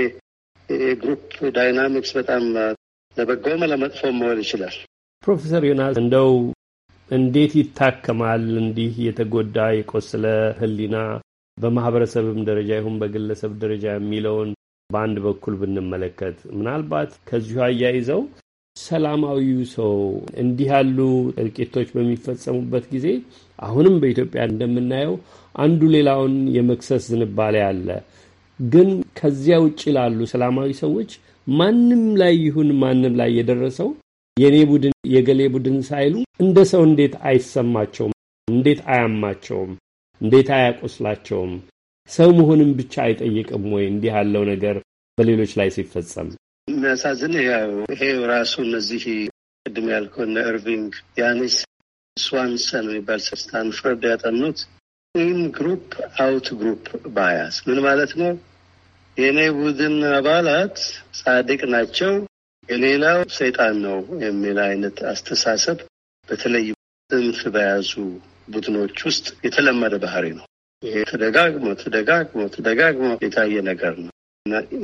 የግሩፕ ዳይናሚክስ በጣም ለበጎም ለመጥፎ መሆን ይችላል። ፕሮፌሰር ዮናስ እንደው እንዴት ይታከማል እንዲህ የተጎዳ የቆሰለ ህሊና በማህበረሰብም ደረጃ ይሁን በግለሰብ ደረጃ የሚለውን በአንድ በኩል ብንመለከት ምናልባት ከዚሁ አያይዘው ሰላማዊው ሰው እንዲህ ያሉ እልቂቶች በሚፈጸሙበት ጊዜ አሁንም በኢትዮጵያ እንደምናየው አንዱ ሌላውን የመክሰስ ዝንባሌ አለ። ግን ከዚያ ውጭ ላሉ ሰላማዊ ሰዎች ማንም ላይ ይሁን ማንም ላይ የደረሰው የእኔ ቡድን የገሌ ቡድን ሳይሉ እንደ ሰው እንዴት አይሰማቸውም? እንዴት አያማቸውም? እንዴት አያቆስላቸውም? ሰው መሆንም ብቻ አይጠይቅም ወይ እንዲህ ያለው ነገር በሌሎች ላይ ሲፈጸም? የሚያሳዝን ያው ይሄ ራሱ እነዚህ ቅድም ያልከው እነ ኢርቪንግ፣ ያኒስ ስዋንሰን የሚባል ስታንፈርድ ያጠኑት ኢን ግሩፕ አውት ግሩፕ ባያስ ምን ማለት ነው? የእኔ ቡድን አባላት ጻድቅ ናቸው፣ የሌላው ሰይጣን ነው የሚል አይነት አስተሳሰብ በተለይ ጽንፍ በያዙ ቡድኖች ውስጥ የተለመደ ባህሪ ነው። ይሄ ተደጋግሞ ተደጋግሞ ተደጋግሞ የታየ ነገር ነው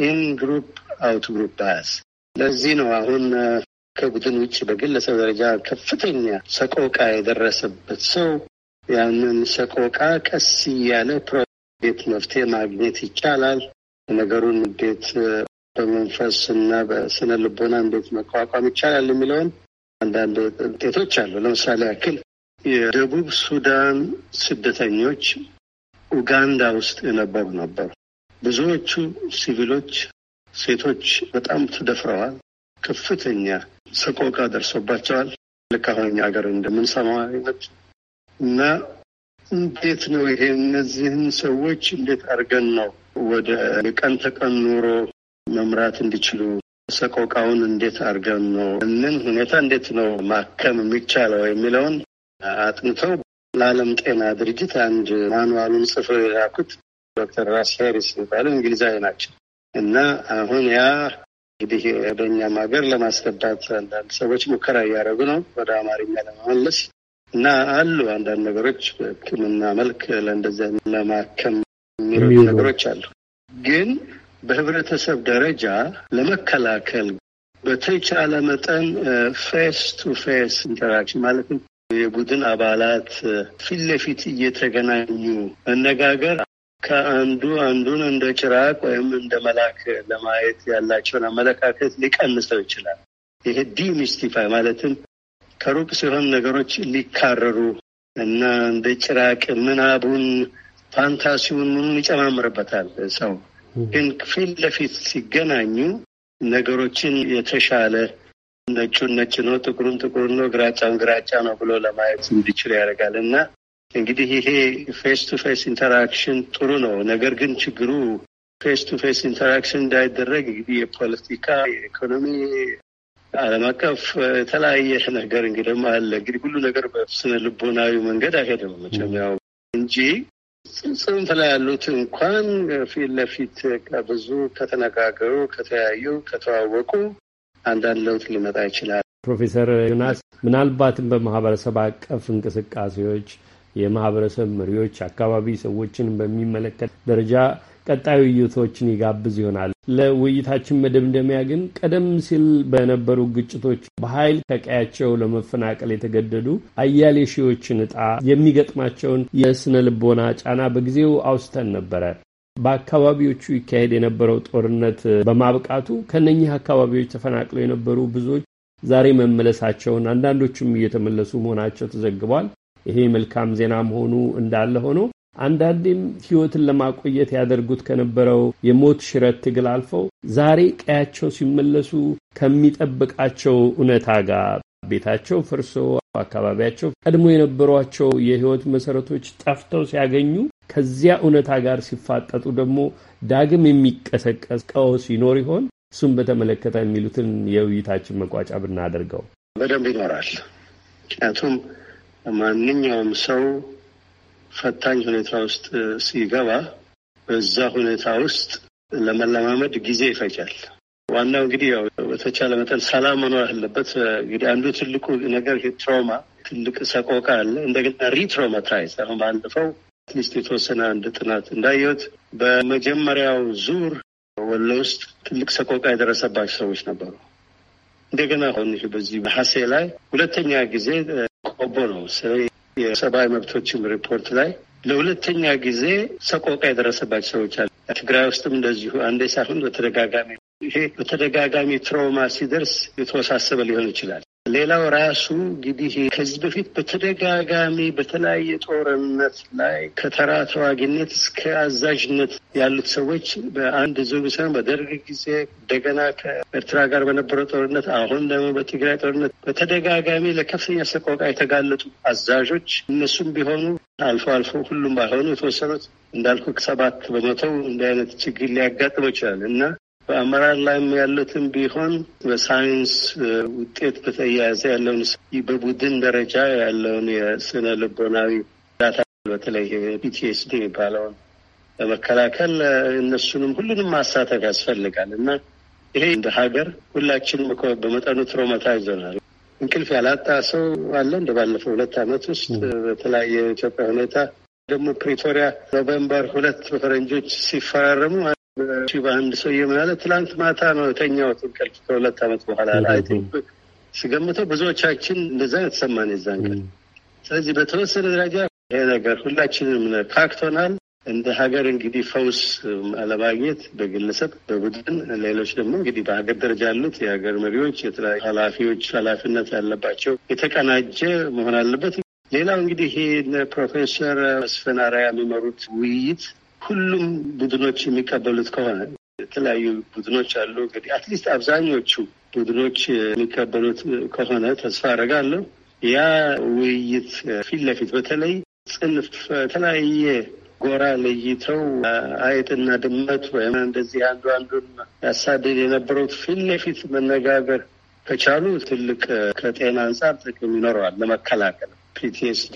ኢን ግሩፕ አውት ግሩፕ ባያስ ለዚህ ነው አሁን ከቡድን ውጭ በግለሰብ ደረጃ ከፍተኛ ሰቆቃ የደረሰበት ሰው ያንን ሰቆቃ ቀስ እያለ ፕሮቤት መፍትሄ ማግኘት ይቻላል። ነገሩን እንዴት በመንፈስ እና በስነ ልቦና እንዴት መቋቋም ይቻላል የሚለውን አንዳንድ ውጤቶች አሉ። ለምሳሌ ያክል የደቡብ ሱዳን ስደተኞች ኡጋንዳ ውስጥ የነበሩ ነበሩ። ብዙዎቹ ሲቪሎች ሴቶች በጣም ተደፍረዋል። ከፍተኛ ሰቆቃ ደርሶባቸዋል። ልክ አሁን ሀገር እንደምንሰማው አይነት እና እንዴት ነው ይሄ እነዚህን ሰዎች እንዴት አድርገን ነው ወደ ቀን ተቀን ኑሮ መምራት እንዲችሉ ሰቆቃውን እንዴት አድርገን ነው ምን ሁኔታ እንዴት ነው ማከም የሚቻለው የሚለውን አጥንተው ለዓለም ጤና ድርጅት አንድ ማኑዋሉን ጽፍ ያኩት ዶክተር ራስ ሄሪስ ይባሉ እንግሊዛዊ ናቸው እና አሁን ያ እንግዲህ ወደ እኛም ሀገር ለማስገባት አንዳንድ ሰዎች ሙከራ እያደረጉ ነው፣ ወደ አማርኛ ለመመለስ እና አሉ አንዳንድ ነገሮች በሕክምና መልክ ለእንደዚ ለማከም የሚሉ ነገሮች አሉ። ግን በህብረተሰብ ደረጃ ለመከላከል በተቻለ መጠን ፌስ ቱ ፌስ ኢንተራክሽን ማለትም የቡድን አባላት ፊት ለፊት እየተገናኙ መነጋገር ከአንዱ አንዱን እንደ ጭራቅ ወይም እንደ መላክ ለማየት ያላቸውን አመለካከት ሊቀንሰው ይችላል። ይሄ ዲሚስቲፋይ ማለትም ከሩቅ ሲሆን ነገሮች ሊካረሩ እና እንደ ጭራቅ ምናቡን ፋንታሲውን ምኑን ይጨማምርበታል ሰው። ግን ፊት ለፊት ሲገናኙ ነገሮችን የተሻለ ነጩን ነጭ ነው፣ ጥቁሩን ጥቁር ነው፣ ግራጫን ግራጫ ነው ብሎ ለማየት እንዲችሉ ያደርጋል እና እንግዲህ ይሄ ፌስ ቱ ፌስ ኢንተራክሽን ጥሩ ነው። ነገር ግን ችግሩ ፌስ ቱ ፌስ ኢንተራክሽን እንዳይደረግ እንግዲህ የፖለቲካ የኢኮኖሚ ዓለም አቀፍ የተለያየ ነገር እንግዲህ አለ እንግዲህ ሁሉ ነገር በስነ ልቦናዊ መንገድ አይሄድም መቼም ያው እንጂ ጽንፍ ላይ ያሉት እንኳን ፊት ለፊት ብዙ ከተነጋገሩ፣ ከተያዩ፣ ከተዋወቁ አንዳንድ ለውጥ ሊመጣ ይችላል። ፕሮፌሰር ዮናስ ምናልባትም በማህበረሰብ አቀፍ እንቅስቃሴዎች የማህበረሰብ መሪዎች አካባቢ ሰዎችን በሚመለከት ደረጃ ቀጣዩ ውይይቶችን ይጋብዝ ይሆናል። ለውይይታችን መደምደሚያ ግን ቀደም ሲል በነበሩ ግጭቶች በኃይል ከቀያቸው ለመፈናቀል የተገደዱ አያሌ ሺዎችን እጣ የሚገጥማቸውን የስነ ልቦና ጫና በጊዜው አውስተን ነበረ። በአካባቢዎቹ ይካሄድ የነበረው ጦርነት በማብቃቱ ከነኚህ አካባቢዎች ተፈናቅለው የነበሩ ብዙዎች ዛሬ መመለሳቸውን አንዳንዶቹም እየተመለሱ መሆናቸው ተዘግቧል። ይሄ መልካም ዜና መሆኑ እንዳለ ሆኖ አንዳንዴም ሕይወትን ለማቆየት ያደርጉት ከነበረው የሞት ሽረት ትግል አልፈው ዛሬ ቀያቸው ሲመለሱ ከሚጠብቃቸው እውነታ ጋር ቤታቸው ፍርሶ አካባቢያቸው ቀድሞ የነበሯቸው የህይወት መሰረቶች ጠፍተው ሲያገኙ ከዚያ እውነታ ጋር ሲፋጠጡ ደግሞ ዳግም የሚቀሰቀስ ቀውስ ይኖር ይሆን? እሱም በተመለከተ የሚሉትን የውይይታችን መቋጫ ብናደርገው በደንብ ይኖራል። ምክንያቱም ማንኛውም ሰው ፈታኝ ሁኔታ ውስጥ ሲገባ በዛ ሁኔታ ውስጥ ለመለማመድ ጊዜ ይፈጃል። ዋናው እንግዲህ ያው በተቻለ መጠን ሰላም መኖር አለበት። እንግዲህ አንዱ ትልቁ ነገር ትራውማ፣ ትልቅ ሰቆቃ አለ። እንደገና ሪትራውማታይዝ አሁን ባለፈው አትሊስት የተወሰነ አንድ ጥናት እንዳየሁት በመጀመሪያው ዙር ወሎ ውስጥ ትልቅ ሰቆቃ የደረሰባቸው ሰዎች ነበሩ። እንደገና አሁን በዚህ በሀሴ ላይ ሁለተኛ ጊዜ ቆቦ ነው የሰብአዊ መብቶችን ሪፖርት ላይ ለሁለተኛ ጊዜ ሰቆቃ የደረሰባቸው ሰዎች አሉ። ትግራይ ውስጥም እንደዚሁ አንዴ ሳይሆን በተደጋጋሚ ይሄ በተደጋጋሚ ትራውማ ሲደርስ የተወሳሰበ ሊሆን ይችላል። ሌላው ራሱ እንግዲህ ከዚህ በፊት በተደጋጋሚ በተለያየ ጦርነት ላይ ከተራ ተዋጊነት እስከ አዛዥነት ያሉት ሰዎች በአንድ ዙ ሳይሆን በደርግ ጊዜ እንደገና ከኤርትራ ጋር በነበረው ጦርነት፣ አሁን ደግሞ በትግራይ ጦርነት በተደጋጋሚ ለከፍተኛ ሰቆቃ የተጋለጡ አዛዦች እነሱም ቢሆኑ አልፎ አልፎ ሁሉም ባይሆኑ የተወሰኑት እንዳልኩ ሰባት በመቶው እንዲህ አይነት ችግር ሊያጋጥመው ይችላል እና በአመራር ላይም ያሉትም ቢሆን በሳይንስ ውጤት በተያያዘ ያለውን በቡድን ደረጃ ያለውን የስነ ልቦናዊ ዳታ በተለይ ፒቲኤስዲ የሚባለውን ለመከላከል እነሱንም ሁሉንም ማሳተፍ ያስፈልጋል እና ይሄ እንደ ሀገር ሁላችንም እኮ በመጠኑ ትሮማታ ይዘናል። እንቅልፍ ያላጣ ሰው አለ። እንደ ባለፈው ሁለት ዓመት ውስጥ በተለያየ ኢትዮጵያ ሁኔታ ደግሞ ፕሪቶሪያ ኖቬምበር ሁለት በፈረንጆች ሲፈራረሙ በአንድ ሰውዬ ምናለ ትላንት ማታ ነው የተኛው እንቅልፍ ከሁለት ዓመት በኋላ አይ ቲንክ ስገምተው ብዙዎቻችን እንደዛ የተሰማን የዛን ቀን። ስለዚህ በተወሰነ ደረጃ ይሄ ነገር ሁላችንም ካክቶናል። እንደ ሀገር እንግዲህ ፈውስ አለማግኘት በግለሰብ በቡድን ሌሎች ደግሞ እንግዲህ በሀገር ደረጃ ያሉት የሀገር መሪዎች፣ የተለያዩ ኃላፊዎች ኃላፊነት ያለባቸው የተቀናጀ መሆን አለበት። ሌላው እንግዲህ ይሄ ፕሮፌሰር መስፍን አርአያ የሚመሩት ውይይት ሁሉም ቡድኖች የሚቀበሉት ከሆነ የተለያዩ ቡድኖች አሉ። እንግዲህ አትሊስት አብዛኞቹ ቡድኖች የሚቀበሉት ከሆነ ተስፋ አደርጋለሁ። ያ ውይይት ፊት ለፊት በተለይ ጽንፍ የተለያየ ጎራ ለይተው አይጥና ድመት ወይም እንደዚህ አንዱ አንዱን ያሳድድ የነበሩት ፊት ለፊት መነጋገር ከቻሉ ትልቅ ከጤና አንጻር ጥቅም ይኖረዋል። ለመከላከል ፒቲኤስዲ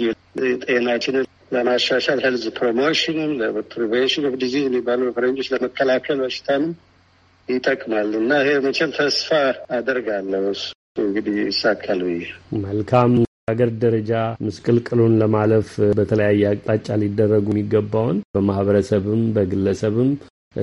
ጤናችንን ለማሻሻል ሄልዝ ፕሮሞሽንም ለፕሪቬንሽን ኦፍ ዲዚዝ የሚባሉ በፈረንጆች ለመከላከል በሽታንም ይጠቅማል እና ይሄ መቼም ተስፋ አደርጋለሁ እንግዲህ ይሳካል ብዬ መልካም ሀገር ደረጃ ምስቅልቅሉን ለማለፍ በተለያየ አቅጣጫ ሊደረጉ የሚገባውን በማህበረሰብም በግለሰብም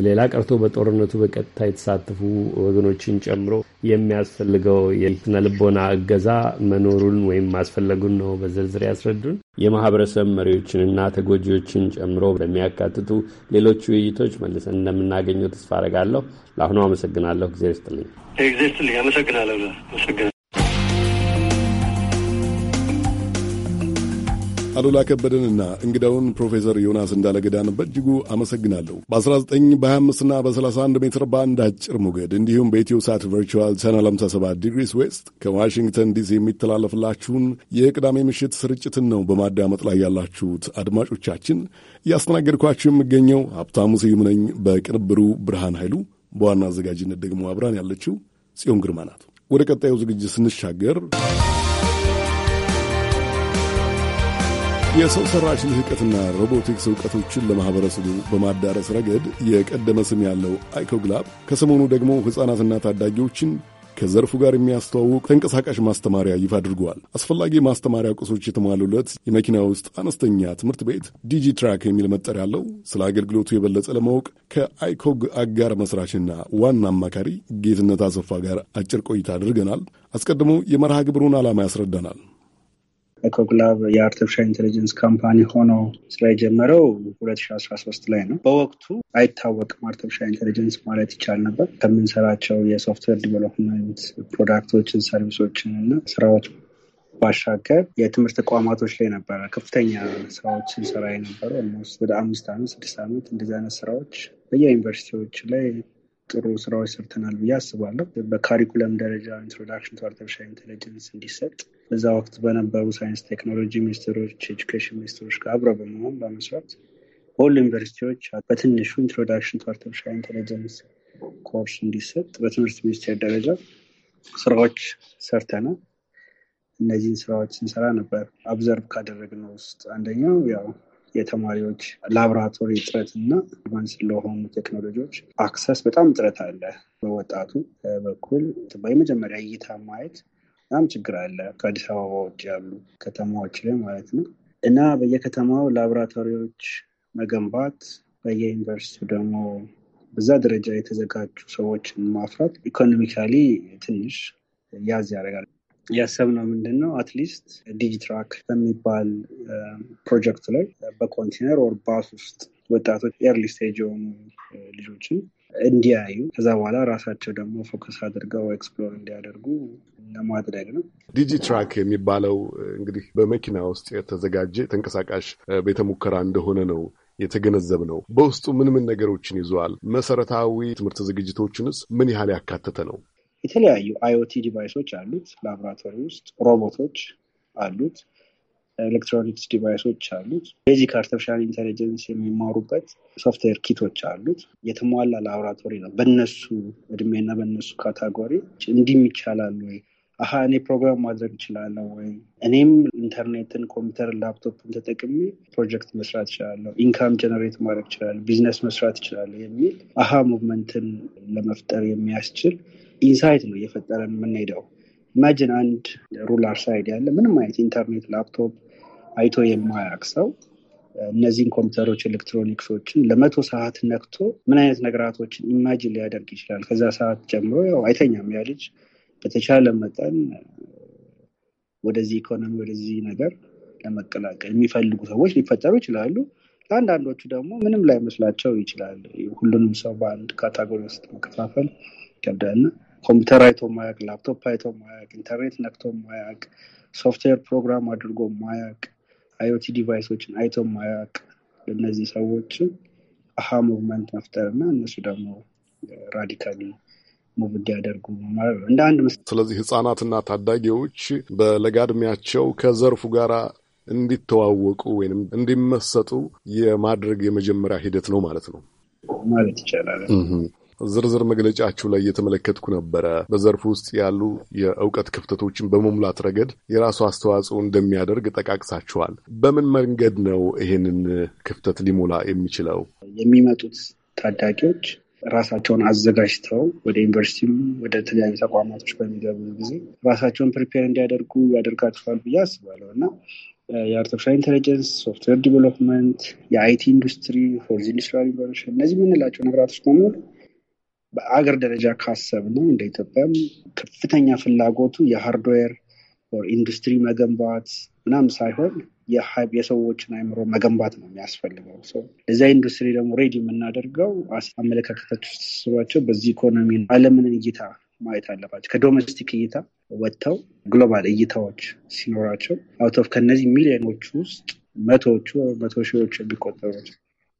ሌላ ቀርቶ በጦርነቱ በቀጥታ የተሳተፉ ወገኖችን ጨምሮ የሚያስፈልገው የስነ ልቦና እገዛ መኖሩን ወይም ማስፈለጉን ነው በዝርዝር ያስረዱን። የማህበረሰብ መሪዎችንና ተጎጂዎችን ጨምሮ በሚያካትቱ ሌሎች ውይይቶች መልሰን እንደምናገኘው ተስፋ አረጋለሁ። ለአሁኑ አመሰግናለሁ። ጊዜ ስጥልኝ። ጊዜ ስጥልኝ። አመሰግናለሁ። አመሰግናለሁ። አሉላ ከበደንና እንግዳውን ፕሮፌሰር ዮናስ እንዳለገዳን በእጅጉ አመሰግናለሁ። በ19 በ25ና በ31 ሜትር ባንድ አጭር ሞገድ እንዲሁም በኢትዮ ሳት ቨርቹዋል ቻናል 57 ዲግሪስ ዌስት ከዋሽንግተን ዲሲ የሚተላለፍላችሁን የቅዳሜ ምሽት ስርጭትን ነው በማዳመጥ ላይ ያላችሁት አድማጮቻችን። እያስተናገድኳችሁ የምገኘው ሀብታሙ ስዩም ነኝ። በቅንብሩ ብርሃን ኃይሉ፣ በዋና አዘጋጅነት ደግሞ አብራን ያለችው ጽዮን ግርማ ናት። ወደ ቀጣዩ ዝግጅት ስንሻገር የሰው ሰራሽ ልህቀትና ሮቦቲክስ እውቀቶችን ለማህበረሰቡ በማዳረስ ረገድ የቀደመ ስም ያለው አይኮግላብ ከሰሞኑ ደግሞ ሕፃናትና ታዳጊዎችን ከዘርፉ ጋር የሚያስተዋውቅ ተንቀሳቃሽ ማስተማሪያ ይፋ አድርገዋል። አስፈላጊ ማስተማሪያ ቁሶች የተሟሉለት የመኪና ውስጥ አነስተኛ ትምህርት ቤት ዲጂትራክ የሚል መጠሪያ ያለው ስለ አገልግሎቱ የበለጠ ለማወቅ ከአይኮግ አጋር መስራችና ዋና አማካሪ ጌትነት አሰፋ ጋር አጭር ቆይታ አድርገናል። አስቀድሞ የመርሃ ግብሩን ዓላማ ያስረዳናል። ኮግላብ የአርቲፊሻል ኢንቴሊጀንስ ካምፓኒ ሆኖ ስራ የጀመረው ሁለት ሺ አስራ ሶስት ላይ ነው። በወቅቱ አይታወቅም አርቲፊሻል ኢንቴሊጀንስ ማለት ይቻል ነበር ከምንሰራቸው የሶፍትዌር ዲቨሎፕመንት ፕሮዳክቶችን፣ ሰርቪሶችን እና ስራዎች ባሻገር የትምህርት ተቋማቶች ላይ ነበረ ከፍተኛ ስራዎች ስንሰራ የነበረ ወደ አምስት ዓመት ስድስት ዓመት እንደዚህ አይነት ስራዎች በየዩኒቨርሲቲዎች ላይ ጥሩ ስራዎች ሰርተናል ብዬ አስባለሁ። በካሪኩለም ደረጃ ኢንትሮዳክሽን ቱ አርቲፊሻል ኢንቴሊጀንስ እንዲሰጥ በዛ ወቅት በነበሩ ሳይንስ ቴክኖሎጂ ሚኒስትሮች፣ ኤጁኬሽን ሚኒስትሮች ጋር አብረ በመሆን በመስራት በሁሉ ዩኒቨርሲቲዎች በትንሹ ኢንትሮዳክሽን ቱ አርቲፊሻል ኢንቴሊጀንስ ኮርስ እንዲሰጥ በትምህርት ሚኒስቴር ደረጃ ስራዎች ሰርተናል። እነዚህን ስራዎች ስንሰራ ነበር። አብዘርቭ ካደረግነው ውስጥ አንደኛው ያው የተማሪዎች ላብራቶሪ እጥረት እና አድቫንስ ለሆኑ ቴክኖሎጂዎች አክሰስ በጣም እጥረት አለ። በወጣቱ በኩል መጀመሪያ እይታ ማየት በጣም ችግር አለ። ከአዲስ አበባ ውጭ ያሉ ከተማዎች ላይ ማለት ነው እና በየከተማው ላብራቶሪዎች መገንባት በየዩኒቨርሲቲው ደግሞ በዛ ደረጃ የተዘጋጁ ሰዎችን ማፍራት ኢኮኖሚካሊ ትንሽ ያዝ ያደርጋል። ያሰብነው ምንድን ነው አትሊስት ዲጂትራክ በሚባል ፕሮጀክት um, ላይ በኮንቴነር ኦር ባስ ውስጥ ወጣቶች ኤርሊ ስቴጅ የሆኑ uh, ልጆችን እንዲያዩ ከዛ በኋላ ራሳቸው ደግሞ ፎከስ አድርገው ኤክስፕሎር እንዲያደርጉ ለማድረግ ነው። ዲጂትራክ የሚባለው uh, እንግዲህ በመኪና ውስጥ የተዘጋጀ ተንቀሳቃሽ uh, ቤተሙከራ እንደሆነ ነው የተገነዘብ ነው። በውስጡ ምን ምን ነገሮችን ይዘዋል? መሰረታዊ ትምህርት ዝግጅቶችንስ ምን ያህል ያካተተ ነው? የተለያዩ አይኦቲ ዲቫይሶች አሉት። ላቦራቶሪ ውስጥ ሮቦቶች አሉት። ኤሌክትሮኒክስ ዲቫይሶች አሉት። ቤዚክ አርቲፊሻል ኢንቴሊጀንስ የሚማሩበት ሶፍትዌር ኪቶች አሉት። የተሟላ ላቦራቶሪ ነው። በነሱ እድሜና በነሱ ካታጎሪ እንዲም ይቻላሉ ወይ አሀ እኔ ፕሮግራም ማድረግ እችላለሁ ወይ እኔም ኢንተርኔትን፣ ኮምፒውተር ላፕቶፕን ተጠቅሜ ፕሮጀክት መስራት ይችላለሁ ኢንካም ጀነሬት ማድረግ ይችላለሁ ቢዝነስ መስራት ይችላለሁ የሚል አሀ ሙቭመንትን ለመፍጠር የሚያስችል ኢንሳይት ነው እየፈጠረን የምንሄደው። ኢማጅን አንድ ሩላር ሳይድ ያለ ምንም አይነት ኢንተርኔት፣ ላፕቶፕ አይቶ የማያቅ ሰው እነዚህን ኮምፒውተሮች ኤሌክትሮኒክሶችን ለመቶ ሰዓት ነክቶ ምን አይነት ነገራቶችን ኢማጂን ሊያደርግ ይችላል? ከዛ ሰዓት ጀምሮ ያው አይተኛም ያ ልጅ። በተቻለ መጠን ወደዚህ ኢኮኖሚ ወደዚህ ነገር ለመቀላቀል የሚፈልጉ ሰዎች ሊፈጠሩ ይችላሉ። ለአንዳንዶቹ ደግሞ ምንም ላይመስላቸው ይችላል። ሁሉንም ሰው በአንድ ካታጎሪ ውስጥ መከፋፈል ይከብዳልና ኮምፒውተር አይቶ ማያቅ፣ ላፕቶፕ አይቶ ማያቅ፣ ኢንተርኔት ነክቶ ማያቅ፣ ሶፍትዌር ፕሮግራም አድርጎ ማያቅ፣ አይኦቲ ዲቫይሶችን አይቶ ማያቅ እነዚህ ሰዎች አሃ ሙቭመንት መፍጠር እና እነሱ ደግሞ ራዲካሊ ሙቭ እንዲያደርጉ እንደ አንድ ምስ ስለዚህ ህጻናትና ታዳጊዎች በለጋ ዕድሜያቸው ከዘርፉ ጋር እንዲተዋወቁ ወይም እንዲመሰጡ የማድረግ የመጀመሪያ ሂደት ነው ማለት ነው ማለት ይቻላል። ዝርዝር መግለጫችሁ ላይ እየተመለከትኩ ነበረ። በዘርፉ ውስጥ ያሉ የእውቀት ክፍተቶችን በመሙላት ረገድ የራሱ አስተዋጽኦ እንደሚያደርግ ጠቃቅሳችኋል። በምን መንገድ ነው ይህንን ክፍተት ሊሞላ የሚችለው? የሚመጡት ታዳጊዎች ራሳቸውን አዘጋጅተው ወደ ዩኒቨርሲቲም ወደ ተለያዩ ተቋማቶች በሚገቡ ጊዜ ራሳቸውን ፕሪፔር እንዲያደርጉ ያደርጋቸዋል ብዬ አስባለሁ እና የአርቲፊሻል ኢንቴሊጀንስ፣ ሶፍትዌር ዲቨሎፕመንት፣ የአይቲ ኢንዱስትሪ፣ ፎርዝ ኢንዱስትሪያል ሪቮሉሽን እነዚህ የምንላቸው ነገራቶች በሙሉ በአገር ደረጃ ካሰብ ነው እንደ ኢትዮጵያም ከፍተኛ ፍላጎቱ የሃርድዌር ኢንዱስትሪ መገንባት ምናም ሳይሆን የሰዎችን አይምሮ መገንባት ነው የሚያስፈልገው። እዛ ኢንዱስትሪ ደግሞ ሬዲ የምናደርገው አመለካከታቸው ስስባቸው በዚህ ኢኮኖሚ ዓለምን እይታ ማየት አለባቸው። ከዶሜስቲክ እይታ ወጥተው ግሎባል እይታዎች ሲኖራቸው አውት ከነዚህ ሚሊዮኖች ውስጥ መቶዎቹ መቶ ሺዎች የሚቆጠሩት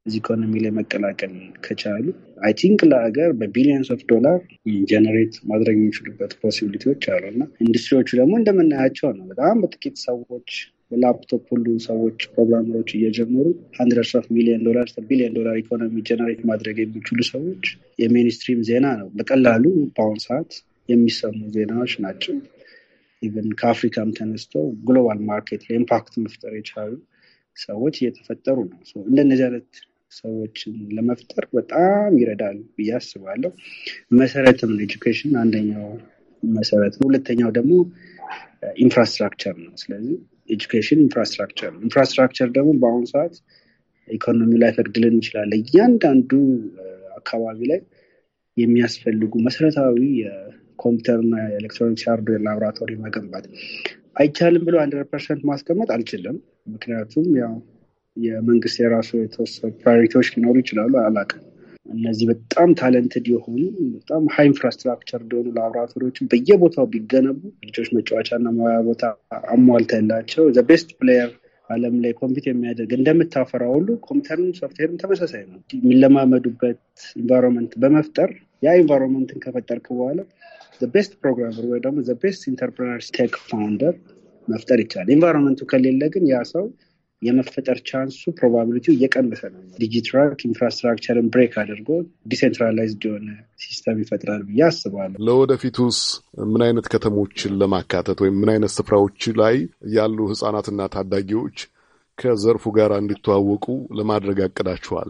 እዚህ ኢኮኖሚ ላይ መቀላቀል ከቻሉ አይ ቲንክ ለሀገር በቢሊዮንስ ኦፍ ዶላር ጀነሬት ማድረግ የሚችሉበት ፖሲቢሊቲዎች አሉ እና ኢንዱስትሪዎቹ ደግሞ እንደምናያቸው ነው። በጣም በጥቂት ሰዎች በላፕቶፕ ሁሉ ሰዎች ፕሮግራመሮች እየጀመሩ ሀንድረድስ ኦፍ ሚሊዮን ዶላር ቢሊዮን ዶላር ኢኮኖሚ ጀነሬት ማድረግ የሚችሉ ሰዎች የሜንስትሪም ዜና ነው። በቀላሉ በአሁኑ ሰዓት የሚሰሙ ዜናዎች ናቸው። ኢቨን ከአፍሪካም ተነስተው ግሎባል ማርኬት ላይ ኢምፓክት መፍጠር የቻሉ ሰዎች እየተፈጠሩ ነው። እንደነዚህ አይነት ሰዎችን ለመፍጠር በጣም ይረዳል ብዬ አስባለሁ። መሰረትም ኤጁኬሽን አንደኛው መሰረት ነው። ሁለተኛው ደግሞ ኢንፍራስትራክቸር ነው። ስለዚህ ኤጁኬሽን ኢንፍራስትራክቸር ነው። ኢንፍራስትራክቸር ደግሞ በአሁኑ ሰዓት ኢኮኖሚ ላይ ፈቅድልን ይችላል። እያንዳንዱ አካባቢ ላይ የሚያስፈልጉ መሰረታዊ የኮምፒውተርና የኤሌክትሮኒክስ ሃርድዌር ላቦራቶሪ መገንባት አይቻልም ብሎ አንድ ፐርሰንት ማስቀመጥ አልችልም። ምክንያቱም ያው የመንግስት የራሱ የተወሰኑ ፕራሪቲዎች ሊኖሩ ይችላሉ። አላውቅም። እነዚህ በጣም ታለንትድ የሆኑ በጣም ሀይ ኢንፍራስትራክቸር እንደሆኑ ላቦራቶሪዎችን በየቦታው ቢገነቡ ልጆች መጫወቻና መዋያ ቦታ አሟልተላቸው ቤስት ፕሌየር ዓለም ላይ ኮምፒት የሚያደርግ እንደምታፈራ ሁሉ ኮምፒውተርም ሶፍትዌርም ተመሳሳይ ነው። የሚለማመዱበት ኢንቫይሮንመንት በመፍጠር ያ ኢንቫይሮንመንትን ከፈጠርክ በኋላ ቤስት ፕሮግራመር ወይ ደግሞ ቤስት ኢንተርፕረነር ቴክ ፋውንደር መፍጠር ይቻላል። ኢንቫይሮንመንቱ ከሌለ ግን ያ ሰው የመፈጠር ቻንሱ ፕሮባቢሊቲው እየቀነሰ ነው። ዲጂትራክ ኢንፍራስትራክቸርን ብሬክ አድርጎ ዲሴንትራላይዝድ የሆነ ሲስተም ይፈጥራል ብዬ አስባለሁ። ለወደፊቱስ ምን አይነት ከተሞችን ለማካተት ወይም ምን አይነት ስፍራዎች ላይ ያሉ ህጻናትና ታዳጊዎች ከዘርፉ ጋር እንዲተዋወቁ ለማድረግ አቅዳችኋል?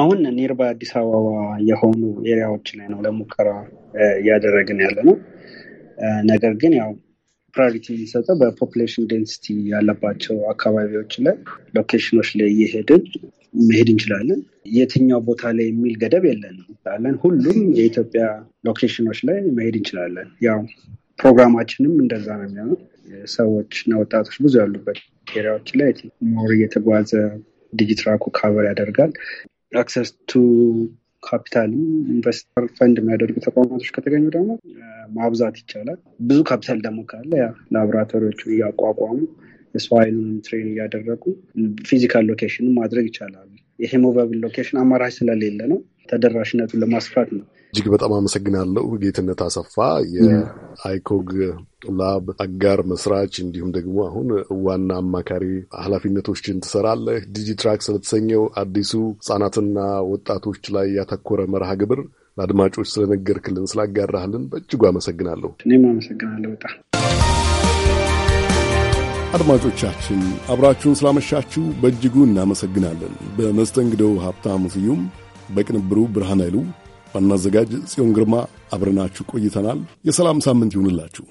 አሁን ኒርባ አዲስ አበባ የሆኑ ኤሪያዎች ላይ ነው ለሙከራ እያደረግን ያለ ነው። ነገር ግን ያው ፕራሪቲ የሚሰጠው በፖፕሌሽን ዴንሲቲ ያለባቸው አካባቢዎች ላይ ሎኬሽኖች ላይ እየሄድን መሄድ እንችላለን። የትኛው ቦታ ላይ የሚል ገደብ የለንም ለን ሁሉም የኢትዮጵያ ሎኬሽኖች ላይ መሄድ እንችላለን። ያው ፕሮግራማችንም እንደዛ ነው የሚሆነው። ሰዎች እና ወጣቶች ብዙ ያሉበት ኤሪያዎች ላይ ሞር እየተጓዘ ዲጂትራኩ ካቨር ያደርጋል። አክሰስ ቱ ካፒታልም ኢንቨስተር ፈንድ የሚያደርጉ ተቋማቶች ከተገኙ ደግሞ ማብዛት ይቻላል። ብዙ ካፒታል ደግሞ ካለ ላቦራቶሪዎቹ እያቋቋሙ የሰው ትሬን እያደረጉ ፊዚካል ሎኬሽን ማድረግ ይቻላል። የሞባይል ሎኬሽን አማራጭ ስለሌለ ነው። ተደራሽነቱን ለማስፋት ነው። እጅግ በጣም አመሰግናለሁ ጌትነት አሰፋ የአይኮግ ላብ አጋር መስራች እንዲሁም ደግሞ አሁን ዋና አማካሪ ኃላፊነቶችን ትሰራለህ። ዲጂትራክ ስለተሰኘው አዲሱ ህጻናትና ወጣቶች ላይ ያተኮረ መርሃ ግብር ለአድማጮች ስለነገርክልን ስላጋራህልን በእጅጉ አመሰግናለሁ። እኔም አመሰግናለሁ በጣም አድማጮቻችን አብራችሁን ስላመሻችሁ በእጅጉ እናመሰግናለን። በመስተንግደው ሀብታሙ ስዩም በቅንብሩ ብርሃን ኃይሉ፣ ዋና አዘጋጅ ጽዮን ግርማ አብረናችሁ ቆይተናል። የሰላም ሳምንት ይሁንላችሁ።